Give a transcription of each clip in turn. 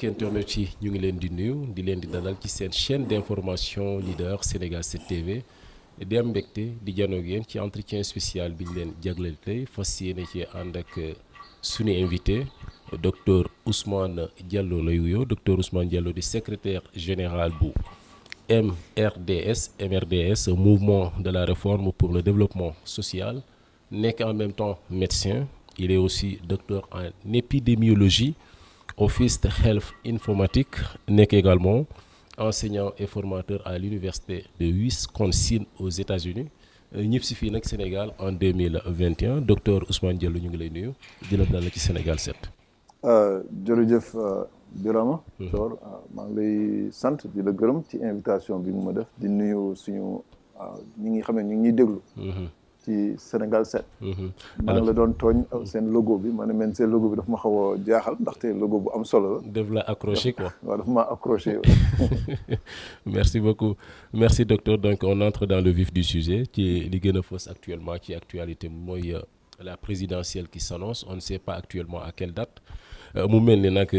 mbokki internet ñu ngi leen di nuyu di leen di dalal ci seen chaîne d'information leader Sénégal 7 TV di am mbégte di janoog yéen ci entretien spécial bi ñu leen jagleel tey fas yéene ci ànd ak euh, suñu invité docteur Ousmane Diallo lay wuyoo docteur Ousmane Diallo di secrétaire général bu MRDS MRDS mouvement de la réforme pour le développement social nekk en même temps médecin il est aussi docteur en épidémiologie Office de Health Informatique nekk également enseignant et formateur à l'université de Wisconsin aux États-Unis euh, ñëpp si fii nag Sénégal en 2021 docteur Ousmane Diallo ñu ngi lay nuyu di la ci Sénégal 7. Euh, jërëjëf euh, Birama. Hmm. Thior maa ngi lay sant di la gërëm ci invitation bi mu ma def di nuyu suñu ñi nga xam ne ñu ngi ñuy déglu. Hmm. ci Sénégal 7. Mhm. maa ngi la doon tooñ euh, seen logo bi ma ne man seen logo bi daf ma xaw a jaaxal ndaxte logo bu am solo la. daf la accroché quoi. waaw daf ma accroché. merci beaucoup merci docteur donc on entre dans le vif du sujet ci li gën a fës actuellement ci actualité mooy euh, la présidentielle qui s'annonce on ne sait pas actuellement à quelle date. Euh, mu mel ni nag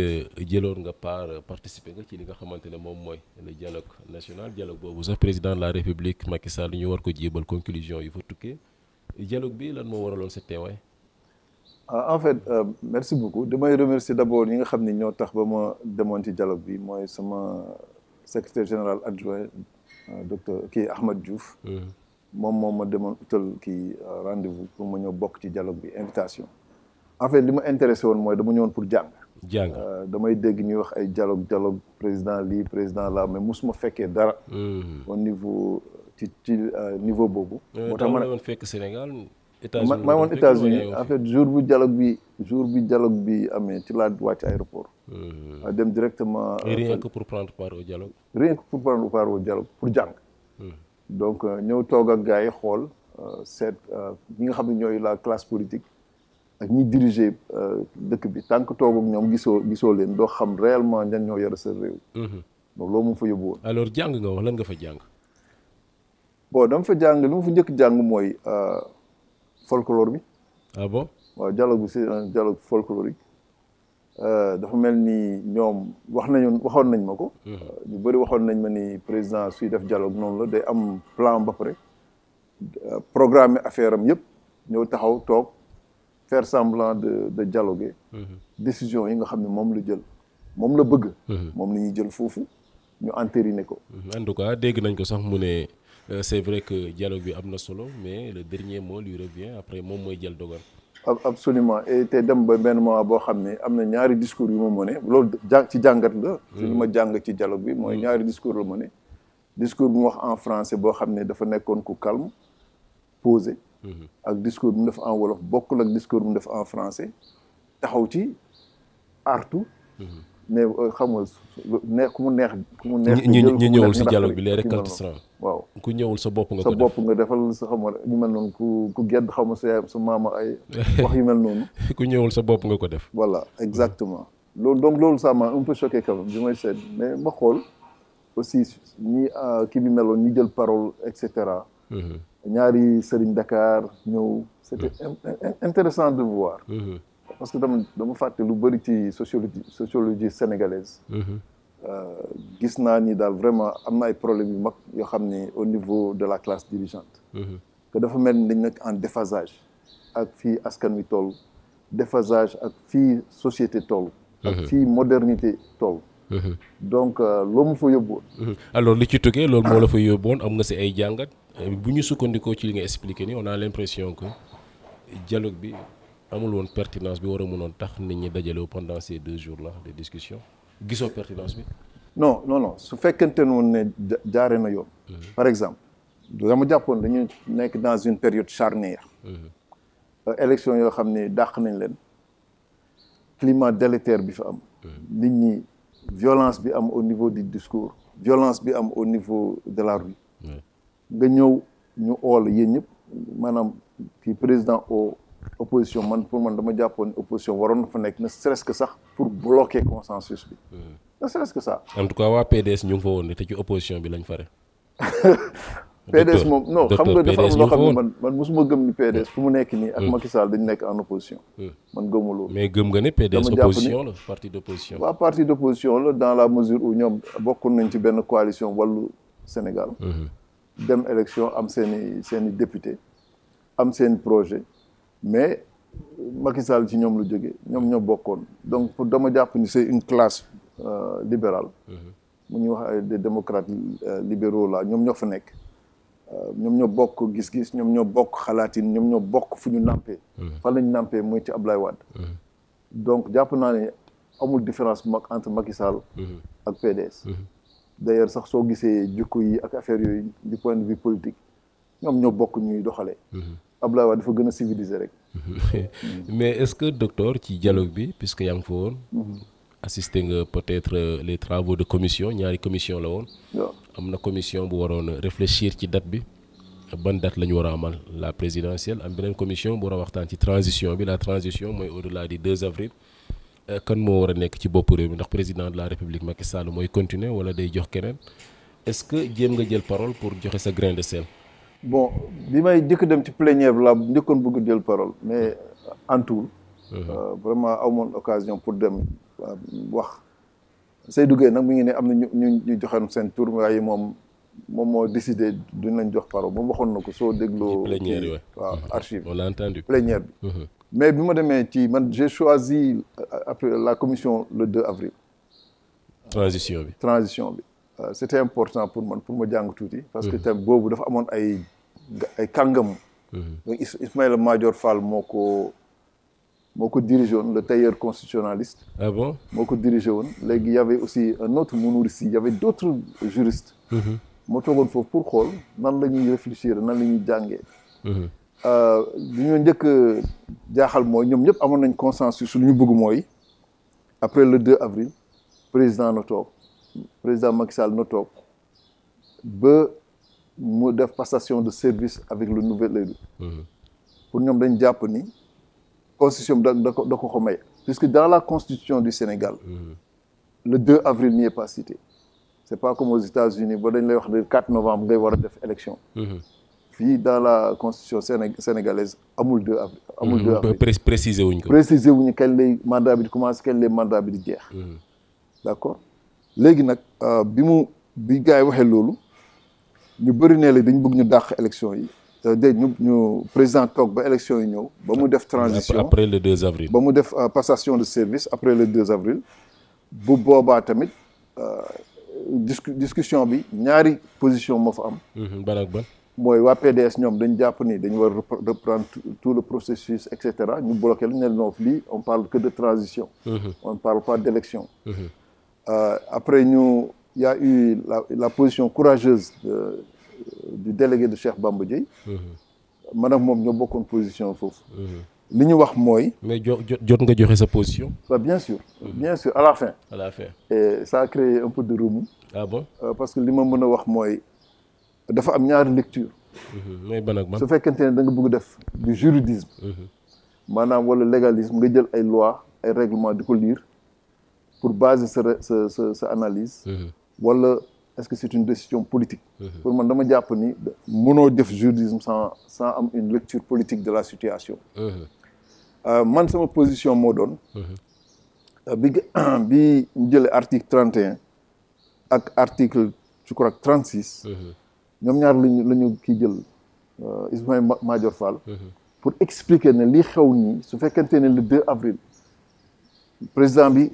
jëloon nga part participer nga ci li nga xamante ne moom mooy le dialogue national dialogue boobu sax président de la république Macky Sall ñu war ko jébal conclusion yu fa dialogue bi lan moo waraloon sa teewaay. Ah, en fait euh, merci beaucoup damay remercier d'abord ñi nga xam ne ñoo tax ba ma demoon ci dialogue bi mooy sama secrétaire général adjoint euh, docteur kii Ahmed Diouf. Mm-hmm. moom moom ma demoon utal kii euh, rendez-vous pour ma ñëw bokk ci dialogue bi invitation. en fait li ma intéressé woon mooy dama ñëwoon pour jàng. jàng euh, damay dégg ñuy wax ay dialogue dialogue président lii président là mais musuma fekkee dara. Mm-hmm. au niveau ci ci euh, niveau boobu. moo tax man fekk Sénégal. États-Unis ma woon États-Unis en fait jour bu dialogue bi jour bu dialogue bi amee ci laa wàcc aéroport. Hmm. dem directement. Euh, rien que pour prendre part au dialogue. rien que pour pour jàng. Hmm. donc euh, ñëw toog ak gars yi xool seet ñi nga xam ne ñooy la classe politique ak ñi diriger dëkk bi tant que toog ñoom gisoo gisoo leen doo xam réellement ñan ñoo yore sa réew. Hmm. loolu moom fa yóbbu woon. alors jàng nga wax lan nga fa jàng. bon dama fa jàng li ma fa njëkk jàng mooy euh, folklore bi. ah bon waaw dialogue bi c'est euh, un dialogue folklorique euh, dafa mel ni ñoom wax nañu waxoon nañ ma ko. Hmm. ñu bëri waxoon nañ ma ni président suy def dialogue noonu la day am plan ba rek programme affaire am yëpp ñëw taxaw toog faire semblant de de dialoguer. Hmm. décision yi nga xam ne moom la jël moom la bëgg. Hmm. moom la ñuy jël foofu ñu entériner ko. en tout cas dégg nañ ko sax mu ne. Euh, c'est vrai que dialogue bi am na solo mais le dernier mot lui revient après moom mooy jël dogal. absolument et te dem ba benn moment boo xam ne am na ñaari discours yu ma mëne loolu ci jàngat la. ci hmm. li ma jàng ci dialogue bi mooy hmm. ñaari discours la ne discours bu mu wax en français boo xam ne dafa nekkoon ku calme posé. Hmm. ak discours bu mu def en wolof bokkul ak discours bu mu def en français taxaw ci artu mais euh, xam nga ne ku mu neex ku mu neex ñu ñëwul si dialogue bi les récalcitrants waaw ku ñëwul sa bopp nga sa bopp nga defal sa xam nga ñu mel noonu ku ku gedd xam nga sa su maam ay wax yu mel noonu ku ñëwul sa bopp nga ko def voilà exactement loolu donc loolu ça m'a un peu choqué quand même bi may seet mais ma xool aussi ñi euh, kii bi meloon ñu jël parole et cetera mhm. ñaari sëriñ Dakar ñëw c'était mhm. intéressant de voir mhm. parce que dama dama fàtte lu bëri ci sociologie sociologie sénégalaise. Mhm. Euh, gis naa ni daal vraiment am na ay problèmes yu mag yoo xam ni au niveau de la classe dirigeante. Mhm. que dafa mel ni dañ nekk en défasage ak fii askan wi tool défasage ak fii société toll. ak mhm. fii modernité toll. donc euh, loo mu fa yóbboon. alors li ci tukkee loolu moo la fa yóbboon am nga si ay jàngat euh, bu ñu sukkandikoo ci li nga expliqué ni on a l'impression que dialogue bi. amul woon pertinence bi war a mënoon tax nit ñi dajalee pendant ces deux jours là de discussion gisoo pertinence bi non non non su fekkente noonu ne jaare na yoon mhm. par exemple dama jàppoon dañu nekk dans une période charnière mhm. euh, élection yoo xam ne dàq nañ leen climat délétère bi fa am mhm. nit ñi violence bi am au niveau du discours violence bi am au niveau de la rue nga ñëw ñu ool yéen ñëpp maanaam ci président au opposition man pour man dama jàppoon opposition waroon na fa nekk ne serait-ce sax pour bloquer consensus bi. Mm-hmm. ne serait-ce que ça. en tout cas waa PDS ñu ngi fa woon te ci opposition bi lañ fare. PDS moom non xam nga dafa am loo xam ne man man mosuma gëm ni PDS mm. fu mu nekk nii ak mm. Macky dañ nekk en opposition. Mm. man gëmuma loolu. mais gëm nga ne PDS opposition la parti d'opposition. waaw parti d'opposition la dans la mesure où ñoom bokkoon nañ ci benn coalition wàllu Sénégal. Mm-hmm. dem élection am seen i seen i am seen projet. mais Macky Sall ci ñoom la jóge ñoom ñoo bokkoon donc pour dama jàpp ni c'est une classe euh, libérale mm-hmm. mu ñu wax ay des démocrates euh, libéraux là ñoom ñoo fa nekk euh, ñoom ñoo bokk gis-gis ñoom ñoo bokk xalaatin ñoom ñoo bokk fu ñu nampee mm-hmm. fan lañ nampee mooy ci Ablaye Wade mm-hmm. donc jàpp naa ne amul différence mag entre Macky Sall ak PDS d'ailleurs sax soo gisee jukko yi ak affaire yooyu du point de vue politique ñoom ñoo bokk ñuy doxalee Abdoulaye Wade dafa gën a civilisé rek. mais est-ce que docteur ci dialogue bi puisque yaa ngi fa woon. Mhm. assister nga peut-être euh, les travaux de commission ñaari commission la woon. am na commission bu waroon réfléchir ci date bi. ban date la ñu war a amal la présidentielle am beneen commission bu war waxtaan ci transition bi la transition mooy au-delà du 2 avril. Euh, kan moo war a nekk ci bopp réew mi ndax président de la république Macky Sall mooy continuer wala day jox keneen est-ce que jéem nga jël parole pour joxe sa grain de sel. bon bi may njëkk dem ci plénière la njëkkoon bëgg jël parole mais uh-huh. en euh, tout. vraiment aw amoon occasion pour dem euh, wax. Seydou Gueye nag mu ngi ne am na ñu ñu ñu seen tur waaye moom moom moo décidé duñ lañ jox parole moom waxoon na ko soo dégloo. plénière waaw uh-huh. archive. on l'a entendu plénière bi. Uh-huh. mais bi ma demee ci man j'ai choisi euh, après la commission le 2 avril. transition bi transition bi. Euh, c' était important pour man pour ma jàng tuuti. parce que tam mhm. boobu dafa amoon ay ay kàngam. Mhm. donc Ismaïla Madior Fall moo ko moo ko dirigé woon la tailleur constitutionnaliste. ah moo ko dirigé woon léegi y avait aussi un autre Mounirsi y avait d' autres juristes. Mhm. moo toogoon foofu pour xool nan la ñuy réfléchir nan la ñuy jàngee. Euh, li ñu njëkk jaaxal mooy ñoom ñëpp amoon nañ consensus lu ñu bëgg mooy après le 2 avril président na toog. président Macky Sall na mu def passation de service avec le nouvel élu mhm. pour ñoom dañ jàpp ni constitution bi da ko da ko ko may puisque dans la constitution du Sénégal mhm. le 2 avril ni est pas cité c'est pas comme aux États-Unis ba dañ lay wax le 4 novembre ngay war a def élection mhm. fii dans la constitution sénégalaise amul 2 avril amul 2 avril préciser wuñ ko préciser wuñu kañ lay mandat bi di commencer kañ lay mandat bi di jeex d'accord léegi nag euh, bi mu bi gars yi waxee loolu ñu bëri ne la dañu bugg ñu dàq élection yi euh, dégg ñu ñu président toog ba élection yi ñëw ba mu def transition après le 2 avril ba mu def euh, passation de service après le 2 avril bu boobaa tamit discussion bi ñaari position moo fa am mhm, ban ak mooy waa PDS ñoom dañu jàpp ni dañu war reprendre tout le processus et cetera ñu bloqué la ne non lii on parle que de transition mhm. on parle pas d' élection mhm. Euh, après, ñu il y eu la, la position courageuse de, du délégué de Cheikh Bamba Dièye. maanaam mm-hmm. moom ñoo bokkoon position foofu. Mm-hmm. li ñu wax mooy. mais jot jot nga joxe sa position. bien sûr. Mm-hmm. bien à la fin. à la fin et ça a un peu de remous. Ah euh, parce que li ma mën a wax mooy dafa am ñaari lecture. mooy ban ak su fekkente ne da nga bëgg def du juridisme. maanaam wala légalisme nga jël ay lois ay règlements di ko lire. pour baser sa sa sa sa analyse. Mhm. wala est-ce que c'est une décision politique. Mhm. pour man dama jàpp ni mënoo def juridisme sans sans am une lecture politique de la situation. Mhm. Euh, man sama position moo doon. Euh, bi bi jëlee article trente ak article je crois trent six. ñoom ñaar lañu ki jël euh, Ismaïla Madior Fall. pour expliquer ne li xew nii su fekkente le avril président bi.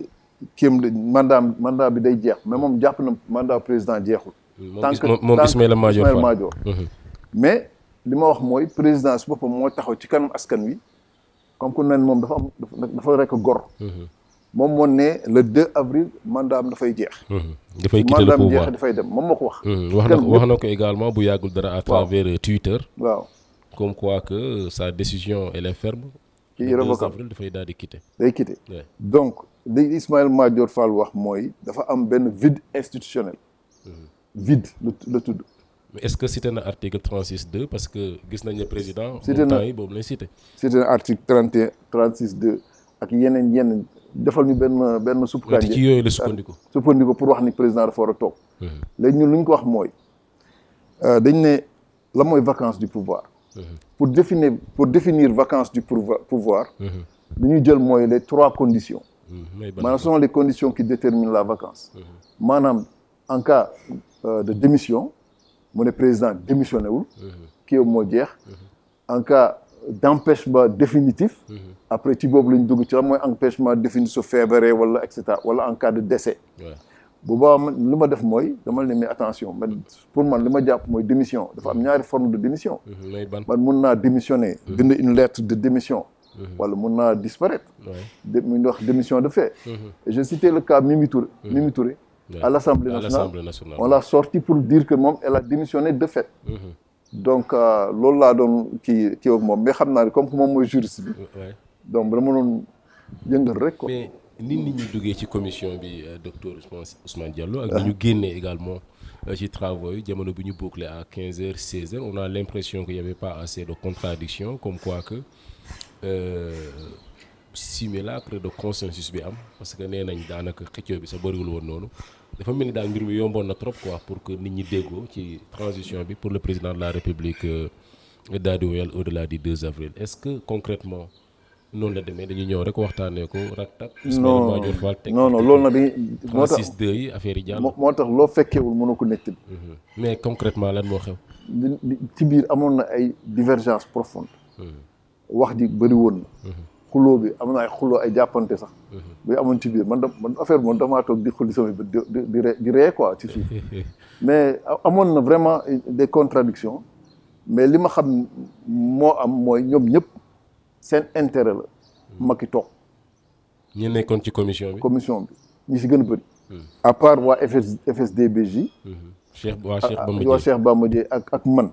kéem mandat mandat bi day jeex mais moom jàpp na mandat président jeexul. tant que moom Ismaïla Madior mhm. mais li ma wax mooy président si boppam moo taxaw ci kanam askan wi comme ku nen moom dafa am dafa rekk gor. Mhm. moom moo ne le 2 avril mandat am dafay jeex. Mhm. dafay quitter le pouvoir mandat am dafay dem moom moo ko wax. wax na wax na ko également bu yàggul dara. à euh, Twitter. waaw comme quoi que sa décision elle est ferme. kii irrévocable avril dafay daal di quitter. day quitter donc. li Ismaël Madior Fall wax mooy dafa am benn vide institutionnel. Mhm. vide la la tudd. mais est-ce que cité na article 36 2 parce que gis nañ ne président. cité na yi boobu lay cité. cité na ak yeneen yeneen defal ñu benn benn suppu ci yooyu la sukkandiku. sukkandiku pour wax ni président dafa a toog. Mhm. léegi ñun lu ñu ko wax mooy euh, dañ ne la mooy vacance du pouvoir. Mhm. pour définir pour définir vacance du pouvoir. lu ñuy jël mooy les trois conditions. maanaam ce sont les conditions qui déterminent la vacance mhm. maanaam en cas euh, de démission mu ne président démissionné wul mhm. kii yow moo jeex mhm. en cas d'empêchement définitif après ci boobu la dugg ci la mooy empêchement définitif su feebaree wala et cetera wala en cas de décès bu boobaa man li ma def mooy dama ne mais attention man pour man li ma jàpp mooy démission dafa am ñaari forme de démission man mun naa démissionner bind une lettre de démission Mhm. wala mun naa disparaître. de mu wax démission de fait. Mhm. et je citais le cas Mimi Touré. Mhm. Mimi Touré à l'Assemblée nationale, nationale on l'a sorti pour dire que moom elle a démissionné de fait. donc euh, loolu laa doon kii kii ak moom mais xam naa ne comme moom mooy juriste bi. donc dama doon yëngal rek quoi. mais nit ñi ñu duggee ci commission bi euh, docteur Ousmane Diallo. ak ah. ñu génnee également euh, ci travaux yi jamono bi ñu boucler à 15 heures 16 heures on a l'impression que y Euh, simulacre de consensus bi am parce que nee nañ daanaka xëccoo bi sa bëriwul woon noonu dafa mel ni daal mbir mi yomboon na trop quoi pour que nit ñi déggoo ci transition bi pour le président de la république euh, daal di woyal au delà du 2 avril est ce que concrètement noonu la demee dañuy ñëw rek waxtaanee ko rak tak Ousmane Madior Fall teg non non loolu nag moo tax yi affaire yi jàll moo tax loo fekkeewul mënoo ko nettali mm-hmm. mais concrètement lan moo xew ci biir amoon na ay divergence profonde mm-hmm. wax ji bëri woon na mhm. xuloo bi am na ay xuloo ay jàppante sax mhm. bi amoon ci biir man da man affaire bi man damaa toog di xulli sama bët di di ree quoi ci suuf mais amoon na vraiment des contradictions mais li ma xam moo am mooy ñoom ñëpp seen intérêt la mhm. Macky toog ñi nekkoon ci commission bi commission bi ñi si gën a bëri à part waa FS FSDBJ Cheikh waa Cheikh Bamba Dièye ak ak man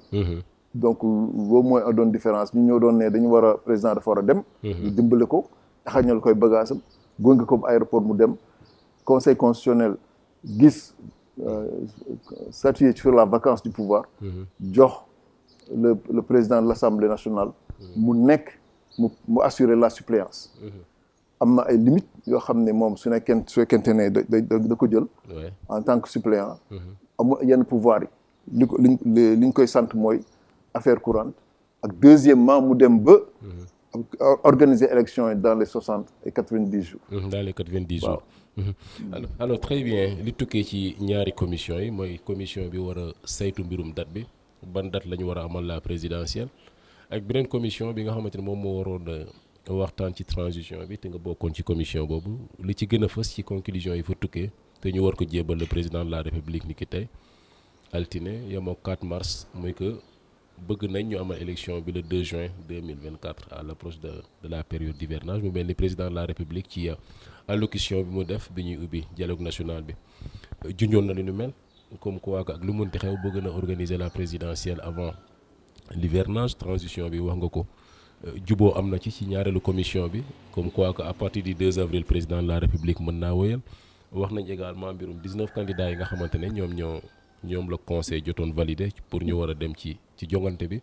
donc boobu mooy doon différence ñu ñoo doon nee dañu war a président dafa war a dem. ñu mhm. dimbale ko taxañal koy bagaasam gunge ko aéroport mu dem conseil constitutionnel gis euh, statuer sur la vacance du pouvoir. Mhm. jox le président de l'Assemblée nationale. Mhm. mu nekk mu mu assurer la suppléance. am na ay limites yoo xam ne moom su nekkee su fekkente ne da da ko jël. en tant que suppléant. amul yenn pouvoir yi li ko li li ñu koy sant mooy. affaire courante ak deuxièmement mu dem ba organiser élection yi dans les soixante et quatre-vingt-dix jours mhm, dans les quatre-vingt-dix jours mhm. alors très bien li tukkee ci ñaari commission yi mooy commission bi war a saytu mbirum date bi ban date la ñu war a amal la présidentielle ak beneen commission bi nga xamante ne moom moo waroon waxtaan ci transition bi te nga bokkoon ci commission boobu li ci gën a fës ci conclusion yi fa tukkee te ñu war ko jébal le président de la république ni ki tey altine yemoo 4 que bëgg nañ ñu amal élection bi le 2 juin 2024 à l'approche de de la période d'hivernage mu mel ni président de la république ci euh, allocution bi mu def bi ñuy ubbi dialogue national bi euh, junjoon na li nu mel comme quoi ak lu mënti xew bëgg na organiser la présidentielle avant l'hivernage transition bi wax nga ko euh, juboo am na ci ci ñaareelu commission bi comme quoi que à partir du avril président de la république mën naa wëyal wax nañ également mbirum 19 candidats yi nga xamante ne ñoom ñoo ñoom la conseil jotoon validé pour ñu war a dem ci ci jongante bi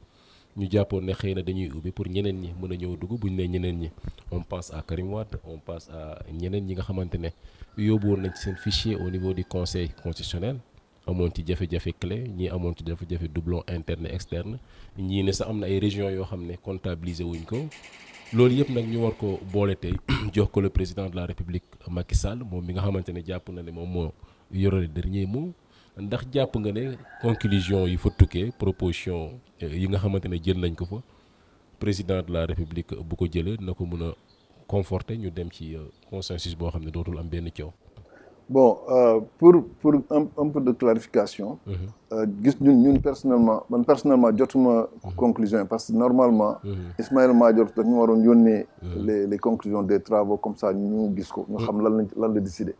ñu jàppoon ne xëy na dañuy ubbi pour ñeneen ñi mën a ñëw dugg bu ñu nee ñeneen ñi on pense à Karim Wade on pense à ñeneen ñi nga xamante ne yóbbu woon nañ seen fichier au niveau du conseil constitutionnel amoon ci jafe-jafe clé ñii amoon ci jafe-jafe doublon interne externe ñii ne sax am na ay régions yoo xam ne comptabiliser wuñ ko loolu yëpp nag ñu war ko boole tey jox ko le président de la république Macky Sall moom mi nga xamante ne jàpp na ne moom moo yore le dernier ndax jàpp nga ne conclusion yi fa tukkee proposition euh, yi nga xamante ne jël nañ ko fa président de la république bu ko jëlee na ko mën a conforter ñu dem ci euh, consensus boo xam ne dootul am benn coow. bon euh, pour pour um un peu de clarification. Mhm. Euh, gis ñun ñun personnellement man personnellement jotuma mhm. conclusion parce que normalement. Mhm. Ismaël Madior daf ñu waroon yónnee. les les conclusions des travaux comme ça ñu gis ko. ñu xam lan lañ lan la décidé.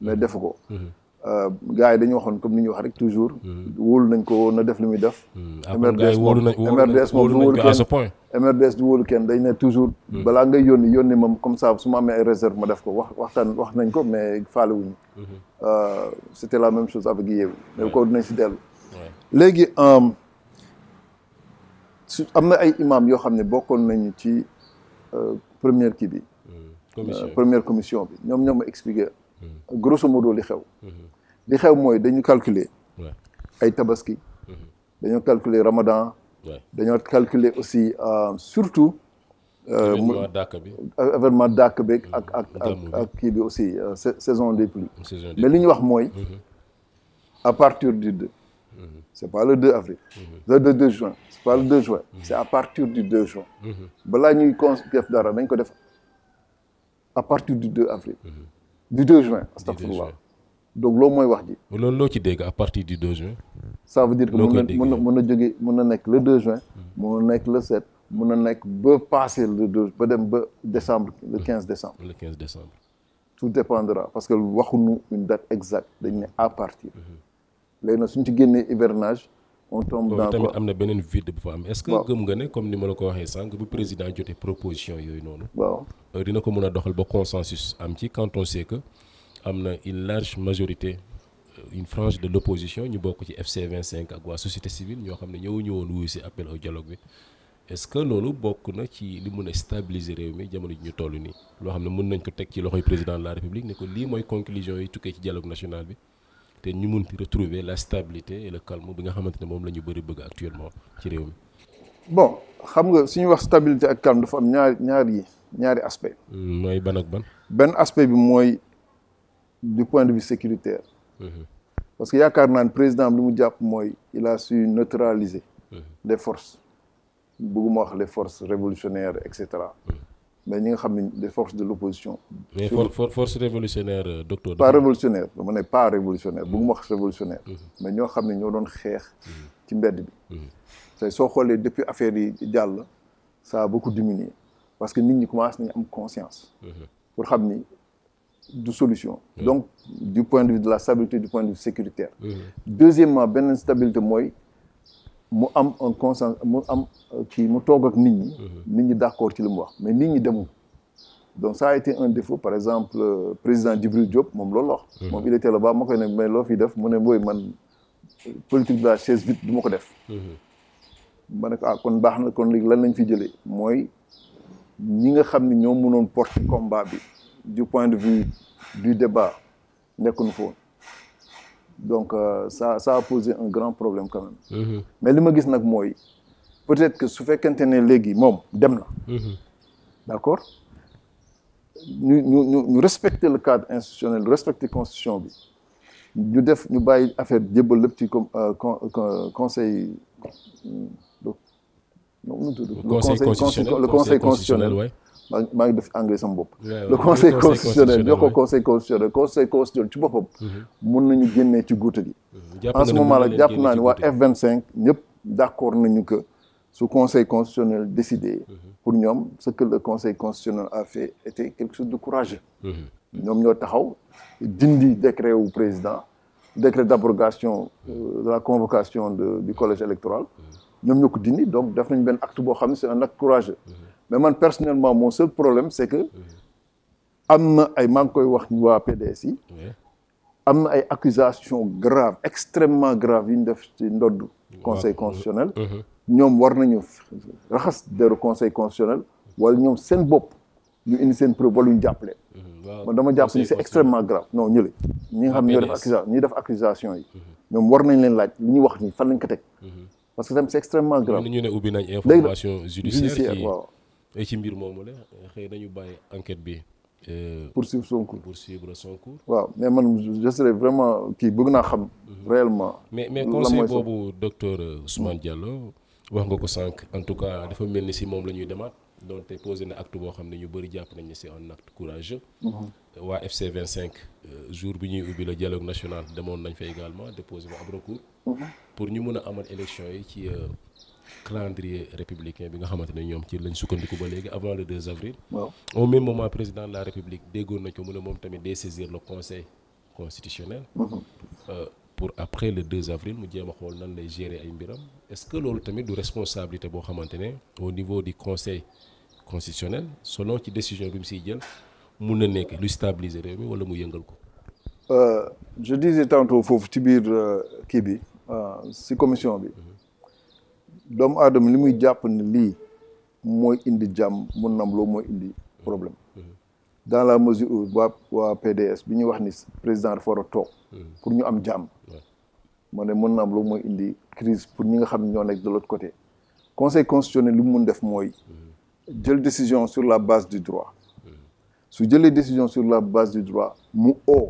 mais defu ko. Euh, gars yi dañu waxoon comme ni ñu wax rek toujours. Mm-hmm. wóolu nañ ko na def lu muy def. MRDS moom MRDS moom du wóolu kenn MRDS du wóolu kenn dañ ne toujours. Mm-hmm. balaa ngay yónni yónni moom comme ça su ma amee ay réserve ma def ko wax waxtaan wax nañ ko mais faale wuñu mm-hmm. euh, c' la même chose avec Yewwi. mais ko dinañ si dellu. léegi euh, am na ay imam yoo xam ne bokkoon nañu ci première kii bi. commission première commission bi ñoom ñoom ma expliquer grosso modo li xew. li xew mooy dañu calculer. ay tabaski. Mhm. dañoo calculer Ramadan. dañoo calculer aussi euh, surtout. Euh, événement dàkk bi euh, événement dàkk bi ak mhm. ak ak kii bi aussi saison des plus mais li ñu wax mooy. Mhm. à partir du 2. c'est pas le 2 avril. le 2 juin c'est pas le 2 juin. c'est à partir du 2 juin. balaa ñuy con def dara dañ ko def à partir du 2 avril. du 2 juin astafurlah donc loo mooy wax ji. loolu loo ci dégg à partir du 2 juin. ça veut dire que mën na mën na jóge mën na nekk le deux juin. mën hmm. na nekk le set mën na nekk ba passé le 2 ba dem ba décembre le 15 hmm. décembre. le 15 décembre. tout dépendra parce que waxuñu nu date exacte dañ ne à partir. Hmm. léegi nag suñ ci génnee hivernage. on tombe dans tamit am na beneen vide bu fa am est gëm nga ne comme ni ma la ko waxee sànq bu président jotee proposition yooyu noonu euh, dina ko mën a doxal ba consensus am ci quand on que am na une large majorité euh, une frange de l'opposition ñu bokk ci FC 25 ak waa société civile ñoo xam ne ñëw ñëwoon wuyu si appel au dialogue bi est-ce que loolu bokk na ci li mun a stabiliser réew mi jamono ji ñu toll nii loo xam ne mën nañ ko teg ci loxoy président de la république ko lii mooy conclusion yi tukkee ci dialogue national bi te ñu mun ti retrouver la stabilité et le calme bi nga xamante ne moom la ñu bëri bëgg actuellement ci réew mi. bon xam nga suñu wax stabilité ak calme dafa am ñaari ñaari ñaari aspect hmm, mooy ban ak ban. benn aspect bi mooy du point de vue sécuritaire. Hmm. parce que yaakaar naa ne président lu mu jàpp mooy il a su neutraliser. des hmm. forces bëgguma wax les forces révolutionnaires et cetera. mais ñi nga xam ne des forces de l'opposition mais force force révolutionnaire euh, docteur. pas révolutionnaire dama ne pas révolutionnaire bu mu wax révolutionnaire. Mhm. mais ñoo xam ne ñoo doon xeex. Mhm. ci mbedd bi. Mhm. tey soo xoolee depuis affaire yi jàll ça a beaucoup diminué parce que nit ñi commencé nañu am conscience. pour xam ni du solution. donc du point de vue de la stabilité du point de vue sécuritaire. deuxièmement beneen stabilité mooy. mu am un conscience mu am euh, kii mu toog ak nit ñi. nit ñi d'accord ci li mu wax mais nit ñi demul. donc ça a été un défaut par exemple euh, président Djibril Diop moom loolu la wax. Mm-hmm. moom il était là-bas ma koy ne mais loo fi def mu ne mooy man politique de la chaise vide du ma ko def. Mm-hmm. ma ne ko ah kon baax na kon léegi lan lañ fi jëlee mooy ñi nga xam ni ñoo mënoon porter combat bi du point de vue du débat nekkuñu foofu donc euh, ça ça posé un grand problème quand mm-hmm. mais li ma gis nag mooy peut-être que su fekkente ne léegi moom dem na. d'accord. ñu ñu ñu respecter le cadre institutionnel respecter constitution bi ñu def ñu bàyyi affaire jébbal lépp ci comme euh, euh, conseil euh, le conseil constitutionnel maa ngi def anglais sama bopp le conseil constitutionnel ñoo ko conseil constitutionnel conseil constitutionnel ci boppam mm-hmm. mun nañu génnee ci guuta gi mm-hmm. en ce moment là jàpp naa ne waa F25 ñëpp d'accord nañu que su conseil constitutionnel décidé. Mhm. pour ñoom ce que le conseil constitutionnel a fait était quelque chose de courageux. Mhm. ñoom ñoo taxaw dindi décret wu président décret d'abrogation mhm. euh, de la convocation de du collège électoral. ñoom ñoo ko dindi donc def nañ benn acte boo xam ne c'est un acte courageux. mais man personnellement mon seul problème c'est que am na ay maa ngi koy wax waa PDS yi. am na ay accusations graves extrêmement graves yu ñu def ci ndodd conseil constitutionnel. ñoom war nañu raxas deru conseil constitutionnel wala ñoom seen bopp ñu indi seen preuve wala ñu jàppale. Mhm. man dama jàpp ñu c'est extrêmement grave. non ñu ne ñi nga xam ñoo def accusation ñi def accusation yi. Mhm. ñoom war nañ leen laaj li ñu wax nii fan lañ ko mhm. parce que tamit c'est extrêmement grave. ñu ne ubbi nañ information judiciaire waaw ci mbir moomu la xëy nañu bàyyi enquête bi. Euh, pour son cours poursuivre son cours. waaw mais man je vraiment kii bëgg naa xam. réellement. mais mais conseil boobu docteur euh, Ousmane Diallo. wax nga ko sànq en tout cas dafa mel ni si moom la ñuy demaat donte posé na acte boo xam ne ñu bëri jàpp nañ si c'est un acte courageux. Mm-hmm. waa FC 25 euh, jour bi ñuy ubbi le dialogue national demoon nañ fa également déposé ba ab recours. Mm-hmm. pour ñu mën a amal élection yi ci euh, calendrier républicain bi nga xamante ne ñoom ci lañ sukkandiku ba léegi avant le 2 avril. waaw au président la république déggoon na ko mu ne moom tamit day saisir le conseil constitutionnel. Mm-hmm. Euh, pour après le 2 avril mu jéem a xool nan lay gérer ay mbiram est-ce que loolu tamit du responsabilité boo xamante ne au niveau di conseil constitutionnel selon ci décision bi mu siy jël mun na nekk lu stabiliser réew mi wala mu yëngal ko. Euh, je disais tantôt foofu ci biir euh, kii bi si euh, commission bi mhm. doomu aadama li muy jàpp ne lii mooy indi jàmm mun nam loo mooy indi problème. dans la mesure où waa waa PDS bi ñu wax ni président dafa war toog. Hmm. pour ñu am jàmm. moo ne mën na am mooy indi crise pour ñi nga xam ñoo nekk de l'autre côté. conseil constitutionnel lu mu mun def mooy. Hmm. jël décision sur la base du droit. Hmm. su jëlee décision sur la base du droit mu oo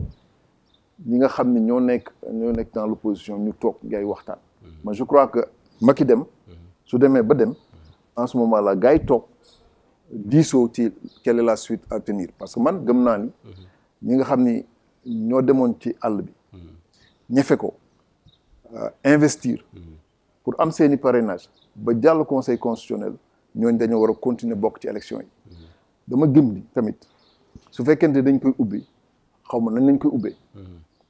ñi nga xam ne ñoo nekk ñoo nekk dans l'opposition ñu toog ngay waxtaan. mais je crois que Macky dem. su demee ba dem en ce moment là gars yi toog. diisoo ci quelle la suite à tenir parce que man gëm naa ni ñi nga xam ni ñoo demoon ci àll bi ñefe ko euh, investir pour am seeni parrainage ba jàll conseil constitutionnel ñooñ dañoo war a continuer bokk ci élection yi dama gëm ni tamit su fekkente dañ koy ubbi xaw ma nañ dañ koy ubbee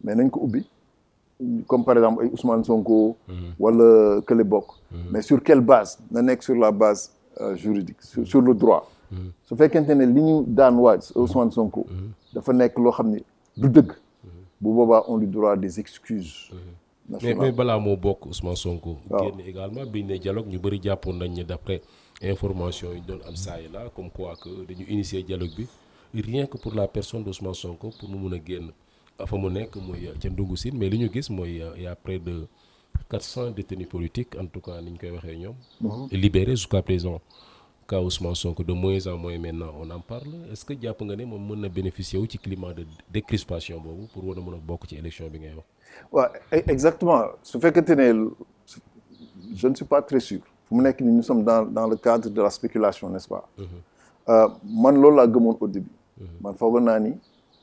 mais nañ ko ubbi comme par exemple ay Ousmane Sonko mm-hmm. wala Kële bokk mm-hmm. mais sur quelle base na nekk sur la base Euh, juridique sur, sur le droit hmm. su fekkente ne li ñu daan waaj Ousmane Sonko hmm. dafa nekk loo xam ne du dëgg hmm. bu boobaa on lui droit des excuses nationales balaa moo bokk Ousmane Sonko génn également biñ ne dialogue ñu bëri jàppoon nañ ni d'après information yi doon am saa yi la comme quoi que dañu initier dialogue bi rien que pour la personne d'Ousmane Sonko pour mu mun a génn fa mu nekk mooy ca Ndungu Sine mais li ñu gis mooy euh, y près de 400 détenus politiques en tout cas ni ñu koy waxee ñoom. Mhm. libérés jusqu'à présent. cas Ousmane Sonko de moins en moins maintenant on en parle est-ce que jàpp nga ne moom mën na bénéficier wu ci climat de décrispation boobu pour war a mën a bokk ci élection bi ngay wax. waaw e-, exactement su fekkente ne je ne suis pas très sûr. fu mu nekk nii nous sommes dans le cadre de la spéculation n'est-ce pas. Mhm. Euh, man loolu laa gëmoon au début. Mhm. man foogoon naa ni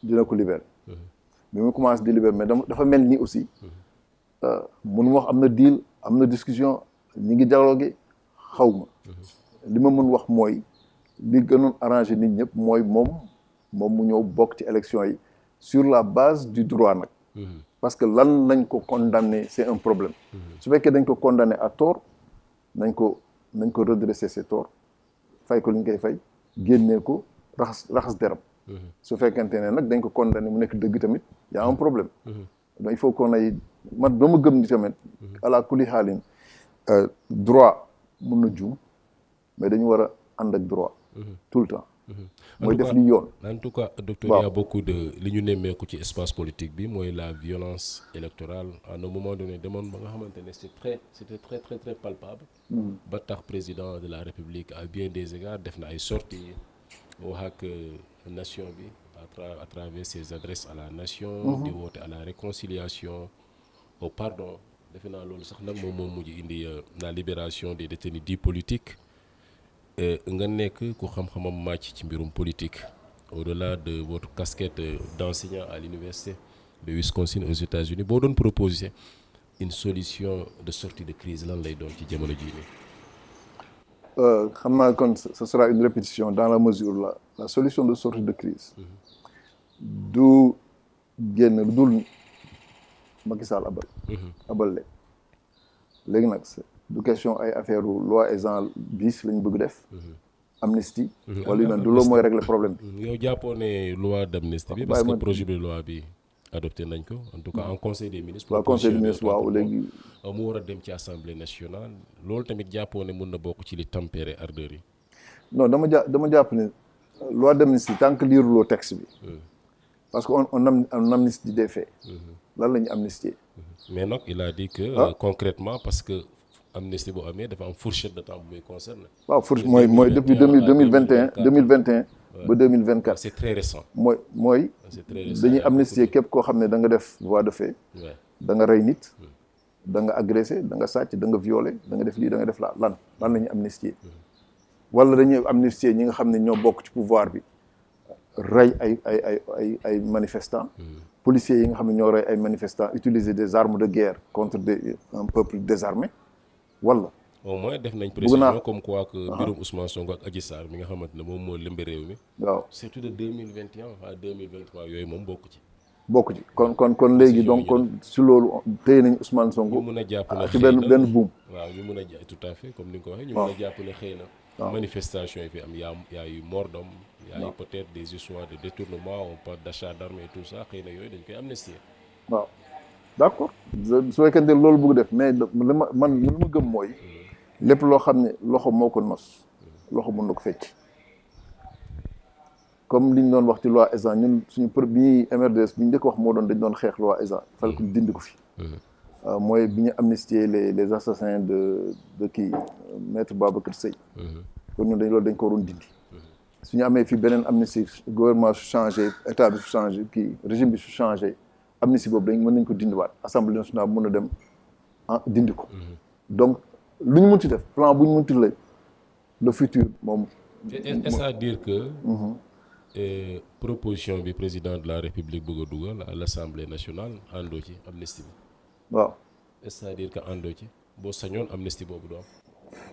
dina ko libérer. bi mu commencé di mel ni aussi. Euh, mënu ma wax am na deal am na discussion ñi ngi dialogue xaw ma li ma mën wax mooy li gënoon arrangé nit ñëpp mooy moom moom mu ñëw bokk ci élection yi sur la base du droit nag parce que lan lañ ko condamné c'est un problème su fekkee dañ ko condamné à tort nañ ko nañ ko redresser ses torts fay ko li ñu koy fay génnee ko raxas raxas deram mhm. su fekkente ne nag dañ ko condamné mu nekk dëgg tamit y a problème mhm. il faut qu'on aille man ba ma gëm ni tamit mhm. ala xaalin euh, droit mun na juum mais dañu war a ànd ak droit mhm. tout le temps mhm. mooy def li yoon en tout cas docteur il y a beaucoup de li ñu nemmeeku ci espace politique bi mooy la violence électorale à un moment donné demoon ba nga xamante ne c'est très c'était très très très palpable ba tax président de la république à bien des égards def na ay sorties wax ak euh, nation bi à travers ses adresses à la nation di woote à la réconciliation au oh, pardon defe naa loolu sax nag moom moom mujj indi euh, la libération des détenus dits politiques euh, nga nekk ku xam-xamam màcc ci mbirum politique au-delà de votre casquette euh, d'enseignant à l'université de Wisconsin aux États-Unis boo doon proposer une solution de sortie de crise lan lay doon ci jamono jii nii. xam naa kon ce sera une répétition dans la mesure la la solution de sortie de crise. Mm-hmm. du génn dul. Macky Sall abal. Mhm. abal leen léegi nag du question ay affaire loi et genre bis la bëgg def. Mhm. amnistie. Mhm. wala yu mel du loolu mooy régler problème bi. yow jàppoo ne loi d' amnistie bi. parce que projet bi loi bi adopté nañ ko en tout cas en conseil des ministres. waaw conseil des ministres waaw léegi. Euh, mu war a dem ci assemblée nationale loolu tamit jàppoo ne mën na bokk ci li tempérer ardeur yi. non dama jà dama jàpp ne loi d' amnistie tant que liiruloo texte bi. Hmm. parce que on am on amnistie des mhm. lan la ñu amnistier. Mhm. mais nag il a dit que. Ah. Euh, concrètement parce que amnistie boo amee dafa am fourchette de temps bu muy concerné. waaw mooy mooy depuis deux mille deux mille vingt et un deux mille ba mooy mooy. Ah, c'est très dañuy amnistier képp koo xam ne da nga def voie de fait. da nga rey nit. Hmm. da nga agressé da nga sàcc da nga violé da nga def lii da nga def laa lan lan la ñu amnistier. Hmm. wala dañuy amnistier ñi nga xam ne ñoo bokk ci pouvoir bi. rey ay ay ay ay ay manifestants. Hmm. yi nga xam ne ñoo rey ay manifestants utiliser des armes de guerre contre des un peuple désarmé wala. au moins def nañ précision comme quoi que ah. mbirum Ousmane xamante ne moom moo lëmbi réew mi. waaw surtout de deux mille vingt et un à deux bokk ci. bokk kon kon kon léegi donc kon si loolu téye nañ Ousmane Sonko. ñu a jàpp ci benn benn buum. waaw ñu mun a jàpp tout à fait comme ni ko waxee. ñu ah. mun a jàpp ne xëy na. Ah. manifestation yi fi am yaa yaa yu mort d'homme y a eu peut-être des histoires de détournement on parle d'achat d'armes et tout ça xëy na yooyu dañ koy amnistier. waaw d'accord su fekkente loolu bëgg def mais li man man li ma gëm mooy hmm. lépp loo xam ne loxo moo ko nos hmm. loxo mën na ko fecc comme li ñu doon wax ci loi Ezzan suñu për bi ñuy MRDS bi ñu njëkk wax moo doon dañ doon xeex loi Ezzan fal ko dindi ko fi. Hmm. Euh, mooy bi ñu amnistier les les assassins de de kii maître Babacar Seye. kon ñun dañ loolu dañ ko waroon dindi. su ñu amee fi beneen amnistie gouvernement su changé état bi su changé kii régime bi su changé amnistie boobu dañ mën nañ ko dindiwaat assemblée nationale mën a dem ah, dindi ko. Mhm. donc lu ci def plan bu ñu mën le futur moom. est-ce que. Mhm. Et proposition bi président de la république bëgg a dugal à l'assemblée nationale àndoo ci amnistie bi. waaw c'est-à-dire que àndoo ci boo sañoon amnistie boobu du am.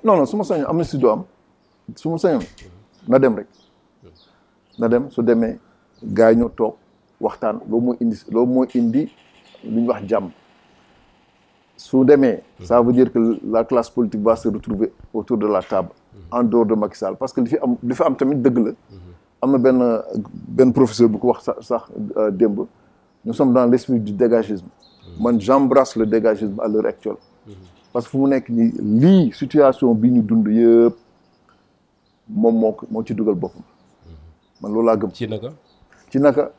non non su ma sañoon amnistie du am su ma sañoon. Mhm. na dem rek na dem su demee gars ñu toog waxtaan loolu moo indi loolu moo indi lu ñu wax jàmm su demee ça veut dire que la classe politique va se retrouver autour de la table en dehors de Macky parce que li fi am li am tamit dëgg la am na benn benn professeur bu ko wax sax sax euh, démb nous sommes dans l'esprit du dégagisme man j'embrasse le dégagisme à l'heure actuelle parce que fu mu nekk nii lii situation bi ñu dund yëpp moom moo ko moo ci dugal boppam man loolu laa gëm. ci naka. ci naka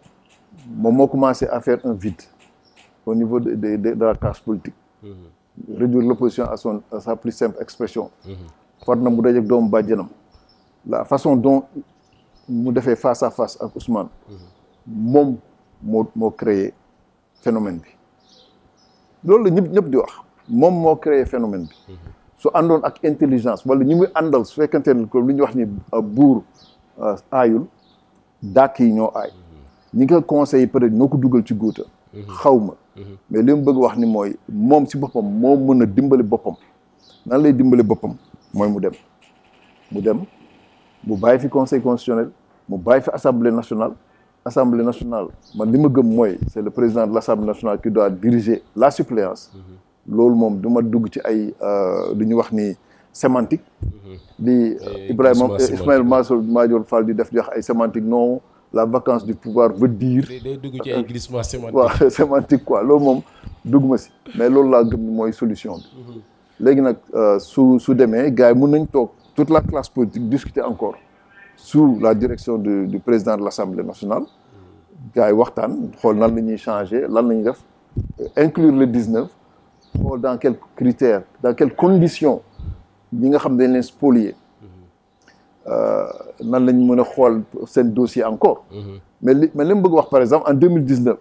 moom moo commencé à faire un vide au niveau de de de, de la classe politique. Mmh. réduire l'opposition à son à sa plus simple expression. Mm-hmm. far na mu dajeeg doomu bàjjenam la façon dont defee face à face ak Ousmane. Mm-hmm. moom moo moo créé phénomène bi. loolu la ñëpp ñëpp di wax moom moo créé phénomène bi. Mm-hmm. su àndoon ak intelligence wala ñi muy àndal su fekkente ne comme li ñuy wax ni euh, buur euh, aayul dàkk yi ñoo aay ñi nga conseillé peut-être ñoo ko dugal ci góota mhm. xaw ma mhm. mais li mu bëgg wax ni mooy moom si boppam moo mën a dimbali boppam nan lay dimbali boppam mooy mu dem mu dem mu bàyyi fi conseil constitutionnel mu bàyyi fi assemblée national assemblée national man li ma gëm mooy c'est le président de l'assemblée nationale qui doit diriger la suppléance mhm. loolu moom du ma dugg ci ay du euh, ñu wax ni sémantique. li mm-hmm. euh, Ibrahima euh, Ismaël Mansour Madior fal di def di wax ay sémantique non la vacance du pouvoir veut dire. day dugg ci ay glissement sémantique. waaw sémantique quoi loolu moom dugg ma si. mais loolu laa gëm mooy solution mm-hmm. léegi nag su su demee gars yi mun nañ toog tout la classe politique discuter encore sous la direction du président de l'Assemblée nationale. Mm-hmm. gars waxtaan xool nan la ñuy changer lan la ñuy def inclure le 19. xool dans quels critères dans quelles conditions ñi nga xam dañ leen spolier euh, nan lañ mën a xool seen dossier encore mm-hmm. mais li mais li mu bëgg wax par exemple en deux mille dix neuf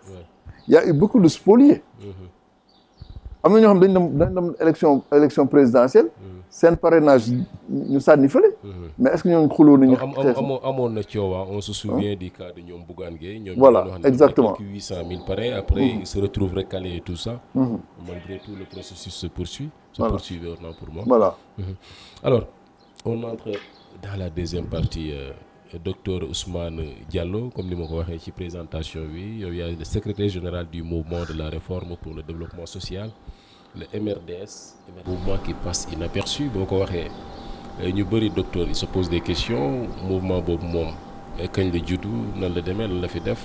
y a eu beaucoup de spoliés mm-hmm. am na ñoo xam dañ dem dañ dem élection élection présidentielle mm-hmm. seen parrainage ñu sànni fële. Mhm. mais est-ce que ñooñu xuloo nañu. amoon amoon na coowa on se souvient du cas de ñoom Bougane Gueye. ñoom voilà exactement ñoom 800000 parrain après mhm. ils se retrouvent recalés et tout ça. Mhm. malgré tout le processus se poursuit. se poursuit non pour moi. voilà alors on entre dans la deuxième partie. Euh, docteur Ousmane Diallo comme ni ma ko waxee ci présentation bi yow yaay le secrétaire général du mouvement de la réforme pour le développement social. le MRDS mouvement qui passe inaperçu boo ko waxee euh, ñu bëri docteur il se pose des questions mouvement boobu moom euh, kañ la juddu nan la demee lan la fi def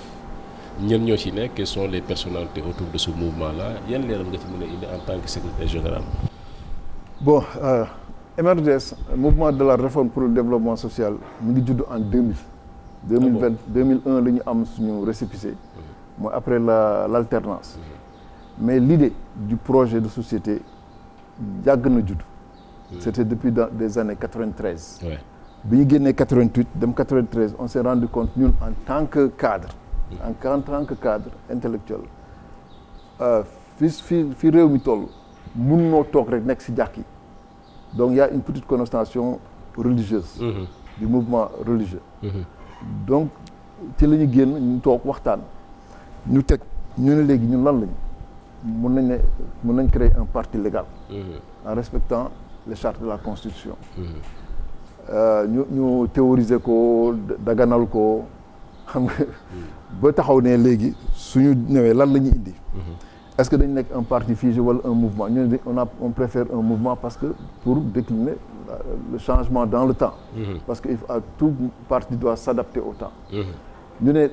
ñen ñoo ci nekk quelles sont les personnalités autour de ce mouvement là yan leeral nga ci mën a indi en tant que secrétaire général bon euh, MRDS mouvement de la réforme pour le développement social mu ngi judd en 2000 2020 2001 la ñu am suñu récépissé mooy après la l'alternance mmh. mais l'idée du projet de société jàgg na judd mm. c'était depuis dans des années 93 bi ñu génnee 88 dem 93 on s'est rendu compte ñun en tant que cadre mm. en, en tant que cadre intellectuel euh, fi fi fi réew mi toll mun noo toog rek nekk si jàkk yi donc il y a une petite connotation religieuse mmh. du mouvement religieux mm-hmm. donc ci la ñu génn ñu toog waxtaan ñu teg ñu ne léegi ñun lan lañu mun nañ ne mun nañ créer un parti légal mhm. en respectant les chartes de la constitution mhm. euh, ñu ñu théoriser ko daganal ko xam ba taxaw ne léegi suñu ñëwee lan la ñuy indi mhm. est-ce que dañ nekk un parti figé wala un mouvement ñu ne on a on préfère un mouvement parce que pour décliner euh, le changement dans le temps parce que euh, tout parti doit s'adapter au temps ñu ne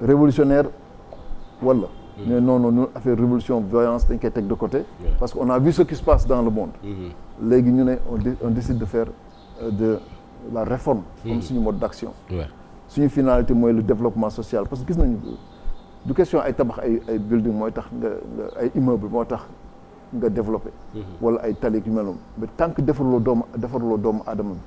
révolutionnaire wala Mm-hmm. mais noonu non ñun affaire révolution violence dañ koy teg de côté parce que on a vu ce qui se passe dans le monde mm-hmm. léegi ñu ne on décide de faire euh, de la réforme comme mm-hmm. suñu mode d'action suñu finalité mooy le développement social parce que gis nañu du question ay tabax ay ay building mooy tax nga ay immeuble moo tax nga développé wala ay tali yu mel noonu tant que defarloo doomu defarloo doomu aadama bi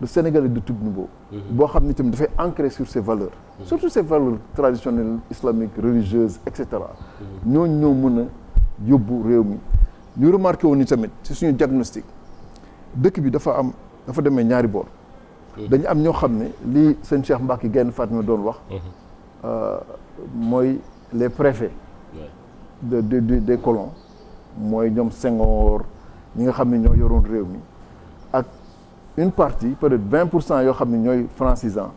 le Sénégal est de tout mhm. boo xam ni tamit dafay ancré sur ses valeurs. Mhm. surtout ses valeurs traditionnelles islamiques religieuses et cetera. Mhm. ñooñu ñoo mën a yóbbu réew mi. ñu remarqué woon ni tamit ci suñu diagnostic dëkk bi dafa am dafa demee ñaari boor. dañu am ñoo xam ne lii sëñ Cheikh Mbacke Gaynde Fatma doon wax. Euh, mooy les préfets. de de des colons. mooy ñoom Senghor ñi nga xam ne ñoo yoroon réew mi. une partie peut-être vingt pour cent yoo xam ne ñooy francisants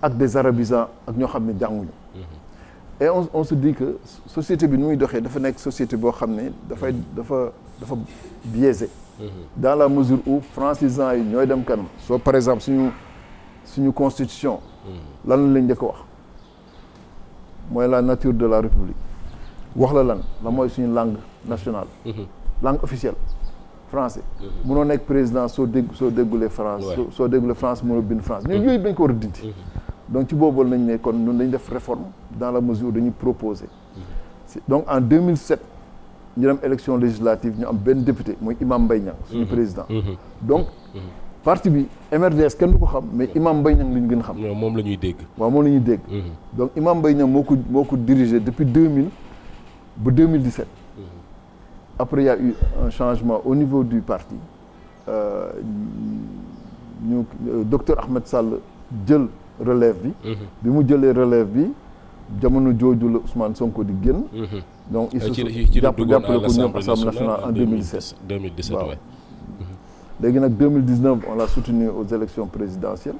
ak des arabisants ak ñoo xam ne jànguñu et on on se di que société bi nu muy doxee dafa nekk société boo xam ne dafay dafa dafa biaisé dans la mesure où francisants yi ñooy dem kanam soo par exemple suñu suñu constitution lan lañ njëkk a wax mooy la nature de la république wax la lan la mooy suñu langue nationale mhm. langue officielle français munoo nekk président soo dégg soo déggulee France soo déggulee France munoo bind France ñun mm-hmm. yooyu dañ ko war a dindi mm-hmm. donc ci boobu lañ ne kon ñun dañ def réforme dans la mesure dañuy proposer mm-hmm. donc en 2007 ñu dem élection législative ñu am benn député mooy Imam Mbaye Niang suñu président donc parti bi MRDS kenn du ko xam mais Imam mbay Niang la ñu gën xam moom la ñuy dégg waaw moom la ñuy dégg donc Imam Mbaye Niang moo ko moo ko dirigé depuis 2000 ba 2017 après il y eu un changement au niveau du parti euh, ñu euh, docteur Ahmed Sall jël relève bi. Mhm. bi mu jëlee relève bi jamono jooju la Ousmane Sonko di génn. Mhm. donc il euh, se jàpp jàppale ko ñoom Assemblée nationale en 2017. 2017 mhm. léegi nag on l'a soutenu aux élections présidentielles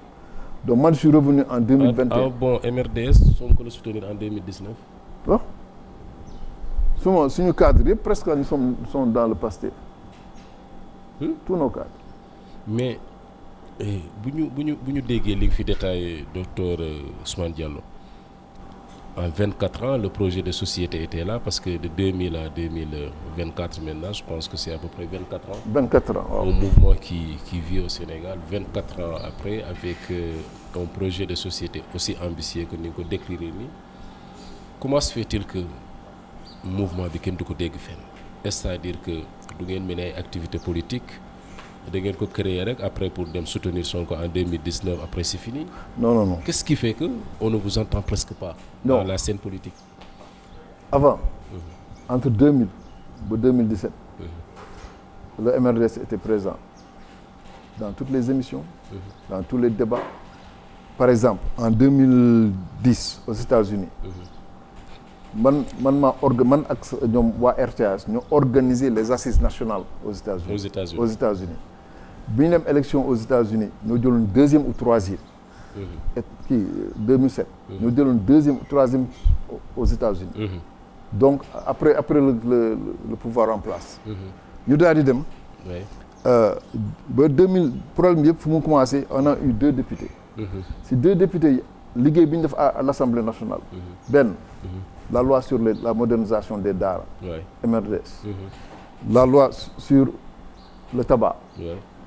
donc man je suis revenu en 2021. Ah, ah bon MRDS Sonko la soutenir en 2019. suma suñu cadre yëpp presque ñu sommes sont dans le Pastef hmm? tous nos cadres mais eh, bu ñu bu ñu bu ñu déggee li fi détaillé docteur euh, Ousmane Diallo en 24 ans le projet de société était là parce que de 2000 à 2024 maintenant je pense que c'est à peu près 24 ans 24 ans waaw un mouvement qui vit au Sénégal 24 ans après avec euh, un projet de société aussi ambitieux que ni nga ko décrire nii fait-il que mouvement bi kenn du ko dégg fenn cest a dire que du ngeen mën activité politique da ngeen ko créer rek après pour dem soutenir Sonko en 2019 après c'est fini non non non qu'est-ce qui fait que on ne entend presque pas la scène politique avant mmh. entre 2000 ba 2017 mmh. le MRDS était présent dans toutes les émissions mmh. dans tous les débats par exemple en 2010 aux États-Unis mhm. man man maa orga man ak ñoom waa RTAS ñu organiser les assises nationales aux États-Unis aux États-Unis aux états bi ñu dem élection aux États-Unis ñoo jëloon deuxième ou troisième. Mhm. et kii 2007. Mhm. ñoo jëloon deuxième ou troisième aux États-Unis mhm. donc après après le pouvoir en place. ñu daal di dem. Euh, ba 2000 problème yëpp fu mu commencé on a eu deux députés. si deux députés liggéey bi ñu def à l'Assemblée nationale. Mhm. benn mhm. la loi sur les, la modernisation des daara. MRDS. Mhm. la loi sur le tabac.